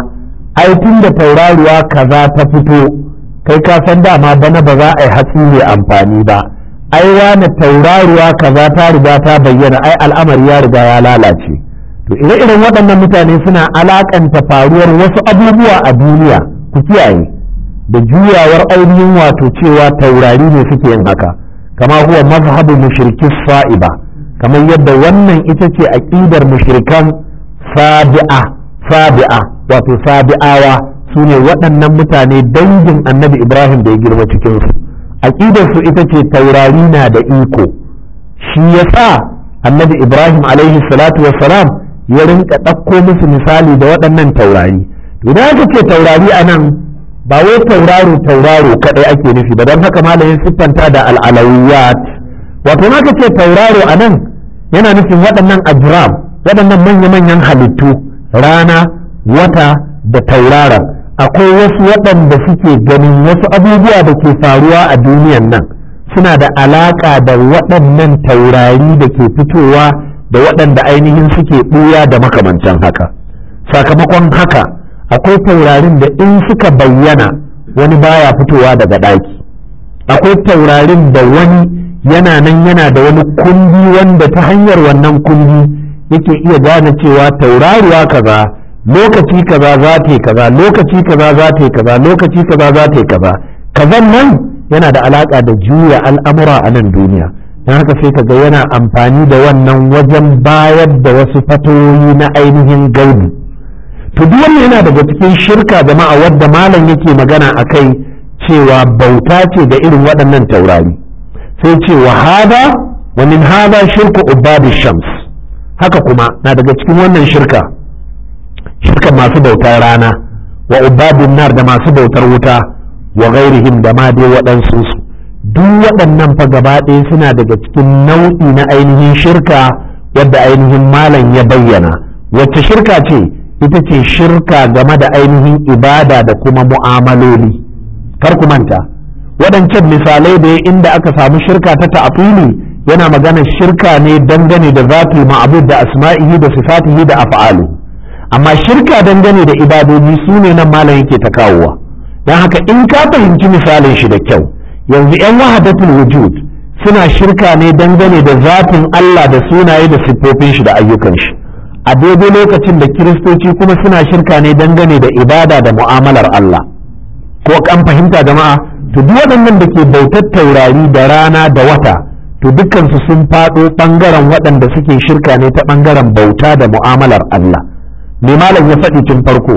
ai tun da tauraruwa kaza ta fito kai ka san dama bana ba za a yi hatsi mai amfani ba ai wani tauraruwa kaza ta riga ta bayyana ai al'amari ya riga ya lalace to ire-iren waɗannan mutane suna alakanta faruwar wasu abubuwa a duniya ku kiyaye da juyawar ainihin wato cewa taurari ne suke yin haka kama huwa mazhabu mushriki sa'iba kamar yadda wannan ita ce aqidar mushrikan sabi'a sabi'a wato sabi'awa su ne waɗannan mutane dangin annabi ibrahim da ya girma cikinsu aƙidarsu ita ce taurari na da iko shi ya sa annabi ibrahim alaihi salatu wassalam ya rinka ɗakko musu misali da waɗannan taurari idan aka ce taurari a nan ba wai tauraro tauraro kaɗai ake nufi ba don haka malamin siffanta da al'alawiyat wato na ka ce tauraro a nan yana nufin waɗannan ajram waɗannan manya-manyan halittu rana wata da tauraron akwai wasu waɗanda suke ganin wasu abubuwa da ke faruwa a duniyan nan suna da alaƙa da waɗannan taurari da ke fitowa da waɗanda ainihin suke ɓuya da makamancin haka sakamakon haka akwai taurarin da in suka bayyana wani baya fitowa daga ɗaki akwai taurarin da wani yana nan yana da wani kundi wanda ta hanyar wannan kundi yake iya gane cewa tauraruwa kaza lokaci kaza za ta yi kaza lokaci kaza za ta yi kaza lokaci kaza za ta yi kaza kazan nan yana da alaƙa da juya al'amura a nan duniya don haka sai kaga yana amfani da wannan wajen bayar da wasu fatoyi na ainihin gaibi to duk yana daga cikin shirka jama'a wadda malam yake magana a kai cewa bauta ce da irin waɗannan taurari sai ce wa hada wa min hada shirku ubadi shams haka kuma na daga cikin wannan shirka Shirka masu bautar rana wa ubabin nar da masu bautar wuta wa gairihim da ma dai waɗansu su duk waɗannan fa gaba ɗaya suna daga cikin nau'i na ainihin shirka wadda ainihin malam ya bayyana wacce shirka ce ita ce shirka game da ainihin ibada da kuma mu'amaloli kar ku manta waɗancan misalai da inda aka samu shirka ta ta'atuni yana magana shirka ne dangane da zatul ma'abud da asma'ihi da sifatihi da af'alu amma shirka dangane da ibadoji su ne nan malam yake ta kawowa don haka in ka fahimci misalin shi da kyau yanzu 'yan wahadatul wujud suna shirka ne dangane da zatin Allah da sunaye da siffofin shi da ayyukan shi a daidai lokacin da kiristoci kuma suna shirka ne dangane da ibada da mu'amalar Allah ko kan fahimta jama'a to duk waɗannan da ke bautar taurari da rana da wata to dukkansu sun faɗo ɓangaren waɗanda suke shirka ne ta ɓangaren bauta da mu'amalar Allah me malam ya faɗi tun farko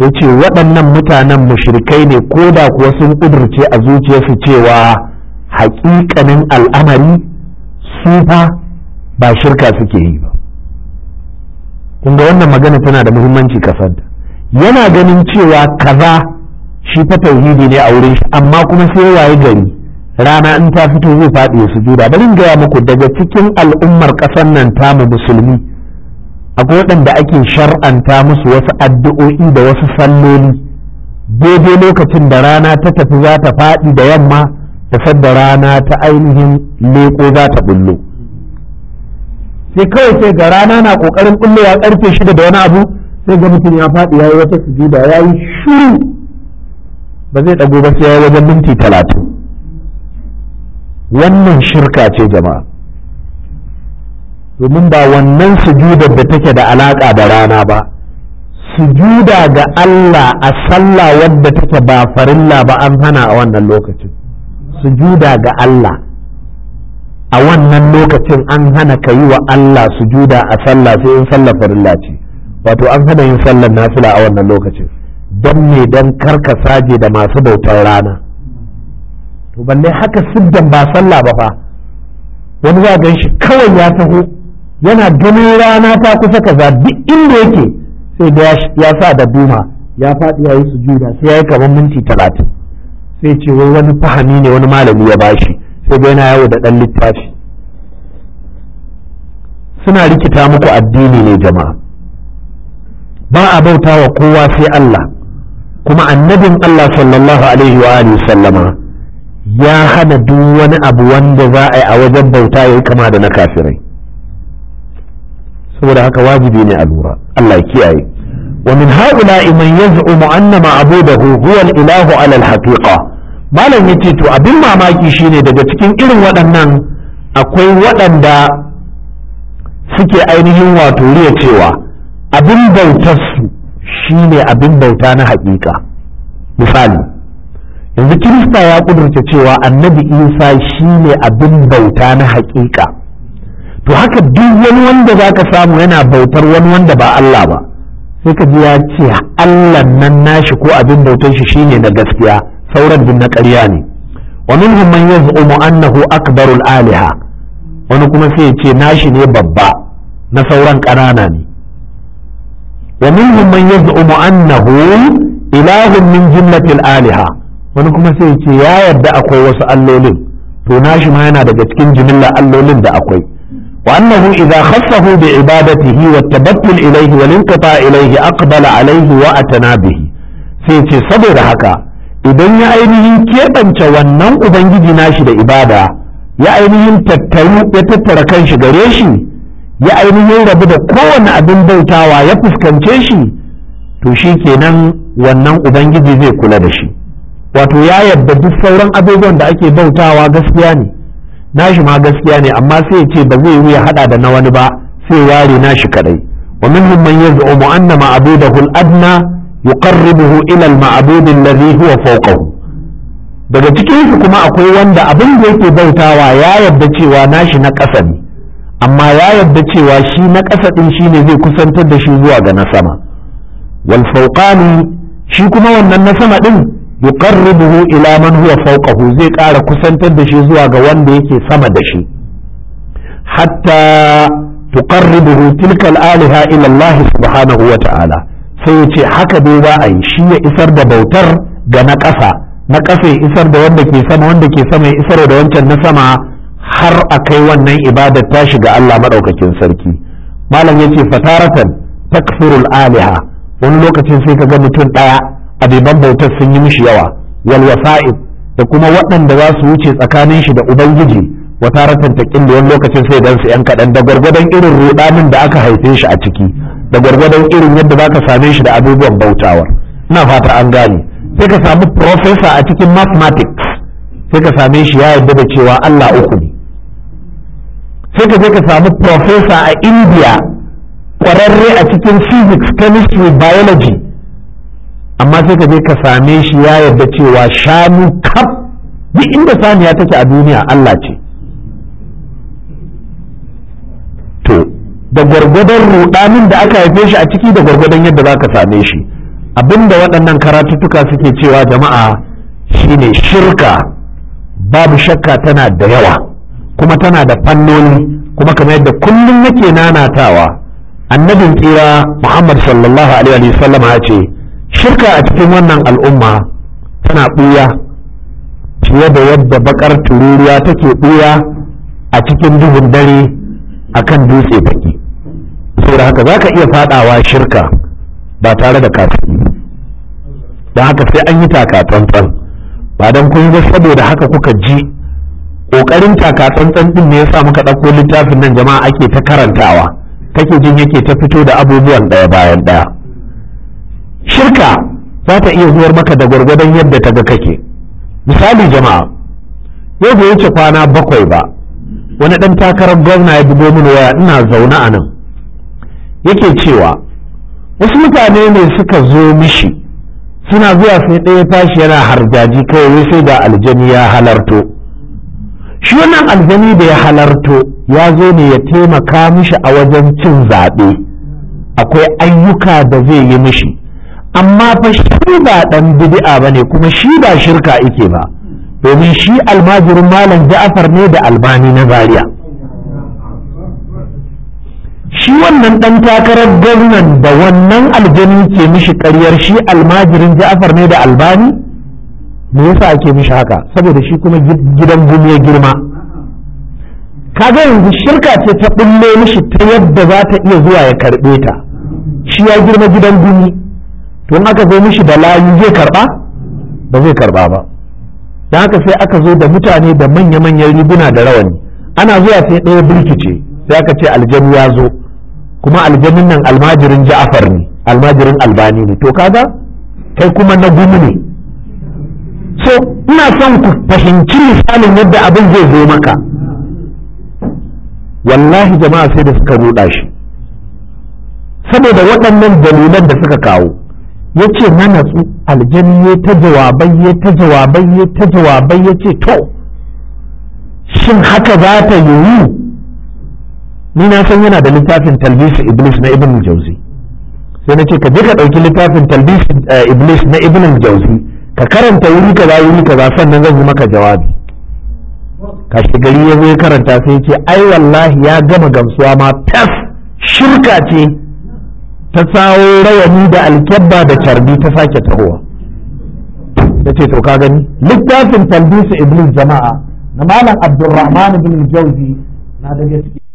ya ce waɗannan mutanen mushrikai ne ko da kuwa sun ƙudurce a zuciyarsu cewa haƙiƙanin al'amari su fa ba shirka suke yi ba kun wannan magana tana da muhimmanci kasanta yana ganin cewa kaza shi fa tauhidi ne a wurin shi amma kuma sai waye gari rana in ta fito zai faɗi ya sujuda bari in gaya muku daga cikin al'ummar ƙasar nan tamu musulmi akwai da ake shar'anta musu wasu addu'o'i da wasu salloli daidai lokacin da rana ta tafi za ta faɗi da yamma da sadda rana ta ainihin leƙo za ta bullo sai kawai sai ga rana na ƙoƙarin bullowa karfe shida da wani abu sai ga mutum ya faɗi ya yi wata sujuda ya yi shiru ba zai ɗago ba sai ya yi wajen minti talatin wannan shirka ce jama'a domin ba wannan sujudar da take da alaƙa da rana ba sujuda ga Allah a sallah wadda take ba farilla ba an hana a wannan lokacin sujuda ga Allah a wannan lokacin an hana ka yi wa Allah sujuda a sallah sai in sallah farilla ce wato an hana yin sallar nafila a wannan lokacin don me don karka saje da masu bautar rana to balle haka siddan ba sallah ba fa wani za gan shi kawai ya taho yana ganin rana ta kusa kaza duk inda yake sai da ya sa da duma ya faɗi ya yi sujuda sai ya yi kamar minti talatin sai ce wai wani fahami ne wani malami ya bashi sai bai na yawo da ɗan littafi suna rikita muku addini ne jama'a ba a bauta wa kowa sai Allah kuma annabin Allah sallallahu alaihi wa alihi sallama ya hana duk wani abu wanda za a yi a wajen bauta ya yi kama da na kafirai saboda haka wajibi ne a lura Allah ya kiyaye wa min haula'i man yaz'umu anna ma'budahu huwa al-ilahu 'ala al Malam ya ce to abin mamaki shine daga cikin irin waɗannan akwai waɗanda suke ainihin wato riya cewa abin bautar su shine abin bauta na haƙiƙa misali yanzu kirista ya kudurta cewa annabi isa shine abin bauta na haƙiƙa to haka duk wani wanda za ka samu yana bautar wani wanda ba Allah ba sai ka ji ya ce Allah nan nashi ko abin bautar shi shine na gaskiya sauran din na ƙarya ne wa minhum man yaz'umu annahu akbarul aliha wani kuma sai ya ce nashi ne babba na sauran ƙanana ne wa minhum man yaz'umu annahu ilahun min jumlatil aliha wani kuma sai ya ce ya yarda akwai wasu allolin to nashi ma yana daga cikin jimillar allolin da akwai وأنه إذا خصه بعبادته والتبتل إليه والانقطاع إليه أقبل عليه وأتنا به سيتي صبر هكا idan ya ainihin keɓance wannan ubangiji nashi da ibada ya ainihin tattaru ya tattara kanshi gare shi ya ainihin rabu da kowane abin bautawa ya fuskance shi to shi kenan wannan ubangiji zai kula da shi wato ya yadda duk sauran abubuwan da ake bautawa gaskiya ne nashi ma gaskiya ne amma sai ya ce ba zai yi ya hada da na wani ba sai ware nashi kadai wa minhum man yaz'umu anna ma'budahu al-adna yuqarribuhu ila al-ma'bud alladhi huwa fawqahu daga cikin su kuma akwai wanda abin da yake bautawa ya yarda cewa nashi na ƙasa ne amma ya yarda cewa shi na ƙasa din shine zai kusantar da shi zuwa ga na sama wal fawqani shi kuma wannan na sama din yuqarribuhu ila man huwa fawqahu zai ƙara kusantar da shi zuwa ga wanda yake sama da shi hatta tuqarribuhu tilka al-aliha ila Allah subhanahu wa ta'ala sai yace haka dai za a yi shi ya isar da bautar ga na ƙasa na ƙasa ya isar da wanda ke sama wanda ke sama ya isar da wancan na sama har a kai wannan ibadar ta shiga Allah madaukakin sarki malam yace fataratan takfirul aliha wani lokacin sai ka kaga mutum daya abeban bautar sun yi mishi yawa wal wasa'ib da kuma waɗanda za su wuce tsakanin shi da ubangiji wa taratan taqin da wani lokacin sai dan su yan kaɗan da gwargwadon irin rudanin da aka haife shi a ciki da gwargwadon irin yadda za ka same shi da abubuwan bautawa ina fata an gane sai ka samu professor a cikin mathematics sai ka same shi ya yarda da cewa Allah uku ne sai ka je ka samu professor a India kwararre a cikin physics chemistry biology amma sai ka je ka same shi ya yarda cewa shanu kaf duk inda saniya take a duniya Allah ce to da gwargwadon rudanin da aka haife shi a ciki da gwargwadon yadda za ka same shi abinda waɗannan karatuttuka suke cewa jama'a shine shirka babu shakka tana da yawa kuma tana da fannoni kuma kamar yadda kullum yake nanatawa annabin tsira muhammad sallallahu alaihi ya ce shirka a cikin wannan al'umma tana ɓuya fiye da yadda bakar tururuwa take ɓuya a cikin duhun dare a kan dutse baki saboda haka za ka iya faɗawa shirka ba tare da kafin don haka sai an yi takatsantsan ba don kun ga saboda haka kuka ji ƙoƙarin takatsantsan ɗin ne ya sa muka ɗauko littafin nan jama'a ake ta karantawa kake jin yake ta fito da abubuwan ɗaya bayan ɗaya shirka za ta iya zuwar maka da gwargwadon yadda ta ga kake misali jama'a yau bai wuce kwana bakwai ba wani ɗan takarar gwamna ya bugo min waya ina zaune a nan yake cewa wasu mutane ne suka zo mishi suna zuwa sai ɗaya tashi yana harjaji kawai sai ga aljani ya halarto shi wannan aljani da ya halarto ya zo ne ya taimaka mishi a wajen cin zaɓe akwai ayyuka da zai yi mishi amma fa shi ba dan bid'a bane kuma shi ba shirka yake ba domin shi almajirin malam ja'far ne da albani na zaria shi wannan dan takarar gwamnan da wannan aljani ke mishi karyar shi almajirin ja'far ne da albani me yasa ake mishi haka saboda shi kuma gidan gumi ya girma kaga yanzu shirka ce ta bulle mishi ta yadda za ta iya zuwa ya karbe ta shi ya girma gidan gumi Tun aka zo mishi da layu zai karba ba zai karba ba da haka sai aka zo da mutane da manya-manyan riguna da rawani ana zuwa sai ɗaya birkice sai aka ce aljanu ya zo kuma aljanin nan almajirin ja'afar ne almajirin albani ne to kaga kai kuma na gumi ne so ina son ku fahimci misalin yadda abin zai zo maka wallahi jama'a sai da suka ruɗa shi saboda waɗannan dalilan da suka kawo yace ce na natsu aljani ya ta jawabai ya ta jawabai ya ta jawabai ya ce to shin haka za ta yiwu ni na san yana da littafin talbisu iblis na ibn jauzi sai na ce ka je ka ɗauki littafin talbisu eh, iblis na ibn jauzi ka karanta wuri za wuri za sannan zan yi maka jawabi kashi gari ya zo ya karanta sai ya ce ai wallahi ya gama gamsuwa ma tas shirka ce ta sawo rawani da alkyabba da carbi ta sake tahowa ta ce to ka gani littafin talbisu iblis jama'a na malam abdulrahman bin jauzi na daga cikin